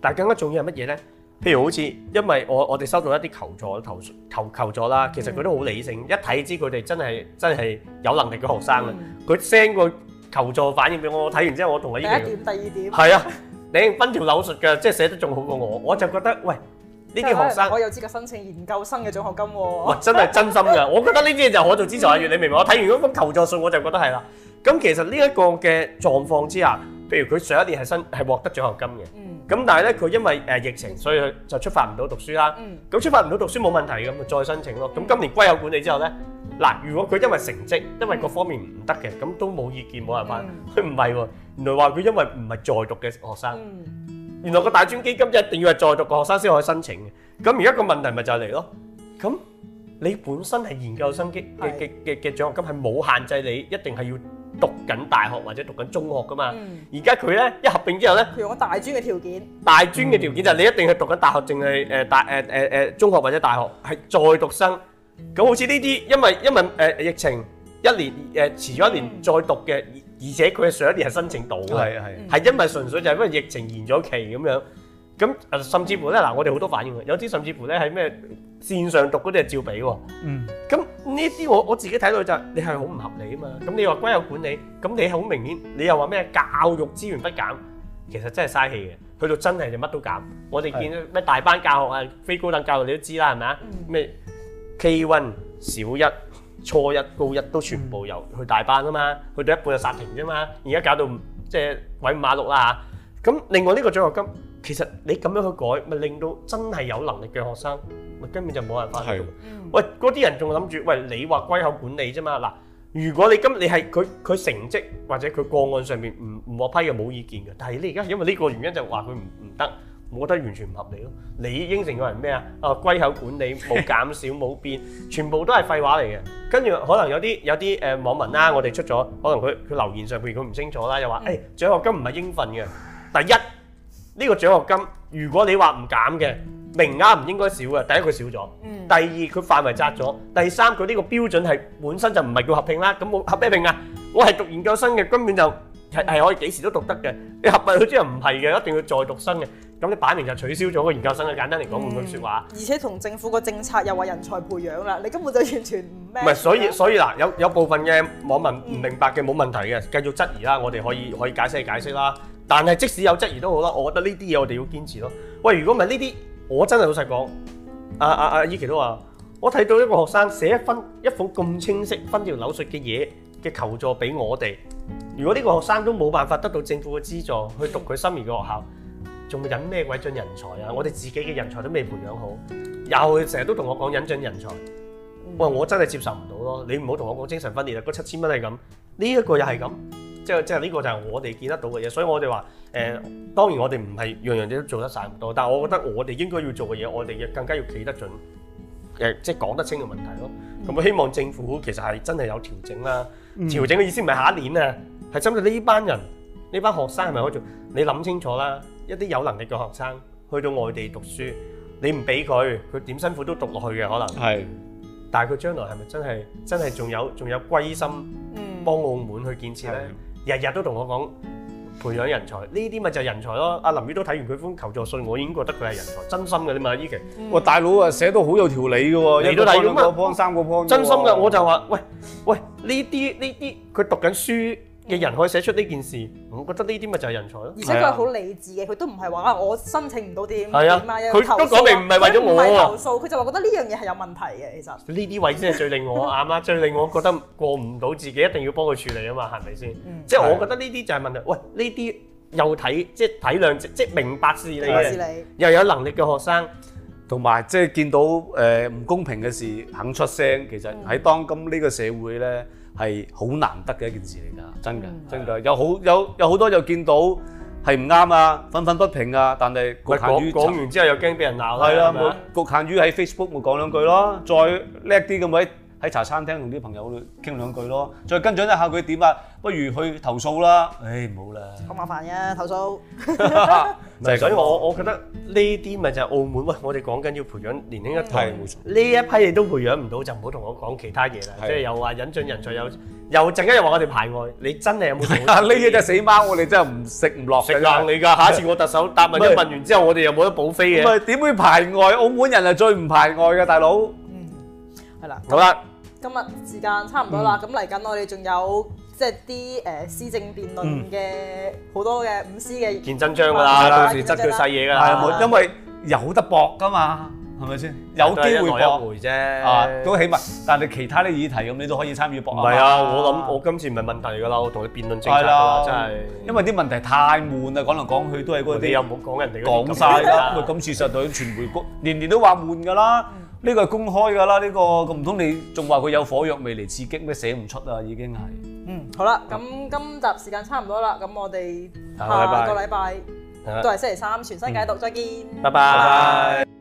但係更加重要係乜嘢咧？譬如好似因為我我哋收到一啲求助求求求助啦，其實佢都好理性，一睇知佢哋真係真係有能力嘅學生啦。佢 send 個求助反應俾我，我睇完之後我同佢醫學
第一點、第二
點。係啊，你分條縷述㗎，即係寫得仲好過我，我就覺得喂。呢啲學生
我有資格申請研究生嘅獎
學金喎，哇，真係真心㗎。我覺得呢啲嘢就我做資助阿月，你明唔明？我睇完嗰封求助信我就覺得係啦。咁其實呢一個嘅狀況之下，譬如佢上一年係申係獲得獎學金嘅，咁但係咧佢因為誒疫情，所以就出發唔到讀書啦。咁出發唔到讀書冇問題嘅，咁就再申請咯。咁今年歸有管理之後咧，嗱，如果佢因為成績因為各方面唔得嘅，咁都冇意見冇辦法，佢唔係喎，原來話佢因為唔係在讀嘅學生。原來個大專基金就一定要係在讀個學生先可以申請嘅，咁而家個問題咪就係嚟咯。咁你本身係研究生金嘅嘅嘅嘅獎學金係冇限制你一定係要讀緊大學或者讀緊中學㗎嘛？而家佢咧一合併之後咧，
佢用個大專嘅條件。
大專嘅條件就係你一定係讀緊大學，淨係誒大誒誒誒中學或者大學係在讀生。咁好似呢啲，因為因為誒疫情，一年誒遲咗一年再讀嘅。而且佢上一年係申請到嘅，係因為純粹就係因為疫情延咗期咁樣。咁甚至乎咧，嗱，我哋好多反應，有啲甚至乎咧係咩線上讀嗰啲係照俾喎。嗯。咁呢啲我我自己睇到就係你係好唔合理啊嘛。咁你話歸有管理，咁你好明顯，你又話咩教育資源不減，其實真係嘥氣嘅。去到真係就乜都減。我哋見到咩大班教學啊、非高等教育你都知啦，係咪啊？咩 K1 小一。初一高一都全部由去大班啊嘛，去到一半就煞停啫嘛，而家搞到即係鬼五馬六啦嚇。咁另外呢個獎學金，其實你咁樣去改，咪令到真係有能力嘅學生，咪根本就冇人翻嚟。喂，嗰啲人仲諗住，喂你話歸口管理啫嘛嗱。如果你今日你係佢佢成績或者佢個案上面唔唔獲批嘅冇意見嘅，但係你而家因為呢個原因就話佢唔唔得。我覺得完全唔合理咯！你應承個人咩啊？啊，歸口管理冇減少冇變，全部都係廢話嚟嘅。跟住可能有啲有啲誒網民啦，我哋出咗可能佢佢留言上面佢唔清楚啦，又話誒獎學金唔係應份嘅。第一呢個獎學金如果你話唔減嘅名額唔應該少嘅，第一佢少咗。第二佢範圍窄咗，第三佢呢個標準係本身就唔係叫合併啦。咁我合咩併啊？我係讀研究生嘅，根本就係係可以幾時都讀得嘅。你合埋嗰啲人唔係嘅，一定要再讀生嘅。咁你擺明就取消咗個研究生嘅，簡單嚟講換句説話。
而且同政府個政策又話人才培養啦，你根本就完全唔咩？唔係。所以
所以嗱，有有部分嘅網民唔明白嘅冇問題嘅，繼續質疑啦，我哋可以可以解釋解釋啦。但係即使有質疑都好啦，我覺得呢啲嘢我哋要堅持咯。喂，如果唔係呢啲，我真係老實講，阿阿阿依琪都話，我睇到一個學生寫分一封咁清晰、分條縷述嘅嘢嘅求助俾我哋，如果呢個學生都冇辦法得到政府嘅資助去讀佢心儀嘅學校。嗯仲引咩鬼進人才啊！我哋自己嘅人才都未培養好，又成日都同我講引進人才。我我真係接受唔到咯。你唔好同我講精神分裂啦。嗰七千蚊係咁，呢、這、一個又係咁，即係即係呢、這個就係我哋見得到嘅嘢。所以我哋話誒，當然我哋唔係樣樣嘢都做得晒咁多，但係我覺得我哋應該要做嘅嘢，我哋嘅更加要企得準，誒即係講得清嘅問題咯。咁希望政府其實係真係有調整啦。調整嘅意思唔係下一年啊，係針對呢班人呢班學生係咪可以做？你諗清楚啦。一啲有能力嘅學生去到外地讀書，你唔俾佢，佢點辛苦都讀落去嘅可能。係是，但係佢將來係咪真係真係仲有仲有歸心幫澳門去建設咧？日日的都同我講培養人才，呢啲咪就係人才咯。阿林宇都睇完佢封求助信，我已經覺得佢係人才，真心嘅你嘛，依琪哇，大佬啊，寫到好有條理嘅喎，一個大院啊，幫三個幫，真心嘅我就話，喂喂，呢啲呢啲佢讀緊書。嘅人可以寫出呢件事，我覺得呢啲咪就係人才咯。而且佢係好
理智嘅，佢都唔係話啊，我申請唔到點點啊，佢都講明唔係為咗我投訴，佢就話覺得呢樣嘢係有問題
嘅，其實。呢啲位先係最令我阿媽， [laughs] 最令我覺得過唔到自己，一定要幫佢處理啊嘛，係咪先？即係的我覺得呢啲就係問題。喂，呢啲又體即係體諒，即係明白事理嘅，事理又有能力嘅學生，同埋即係見到誒唔、呃、公平嘅事肯出聲，其實喺當今呢個社會咧，係好難得嘅一件事嚟㗎，真㗎，真㗎。有好有有好多又見到係唔啱啊，憤憤不平啊，但係侷限於就講完之後又驚俾人鬧啦，係咯，啊，侷限於喺 Facebook 冇講兩句咯，再叻啲嘅咪。喺茶餐廳同啲朋友傾兩句咯，再跟進一下佢點啊？不如去投訴啦！誒，唔好啦，
好麻煩啊，投訴。唔
係，所以我我覺得呢啲咪就係澳門喂，我哋講緊要培養年輕一代，呢一批嘢都培養唔到就唔好同我講其他嘢啦。即係又話引進人才，又又陣間又話我哋排外，你真係有冇？呢啲隻死貓，我哋真係唔食唔落食硬你㗎！下一次我特首答問，問完之後我哋又冇得補飛嘅？喂點會排外？澳門人係最唔排外㗎，大佬。嗯，
係啦。好啦。今日時間差唔多啦，咁嚟緊我哋仲有即係啲誒施政辯論嘅好多嘅五司嘅見真章㗎啦，到時執佢細嘢㗎啦，係因為
有得搏噶嘛，係咪先？有機會搏，一回啫，都起碼。但係其他啲議題咁，你都可以參與搏啊。係啊，我諗我今次唔係問題㗎啦，我同你辯論政策㗎啦，真係。因為啲問題太悶啦，講嚟講去都係嗰啲，有冇講人哋講曬啦。今次實同傳媒局年年都話悶㗎啦。呢個係公開㗎啦，呢、這個咁唔通你仲話佢有火藥味嚟刺激咩？寫唔出啊，已經係。嗯，
嗯好啦，咁今集時間差唔多啦，咁我哋下個禮拜都拜係星期三、嗯、傳新解毒，再見，拜拜。拜拜拜拜。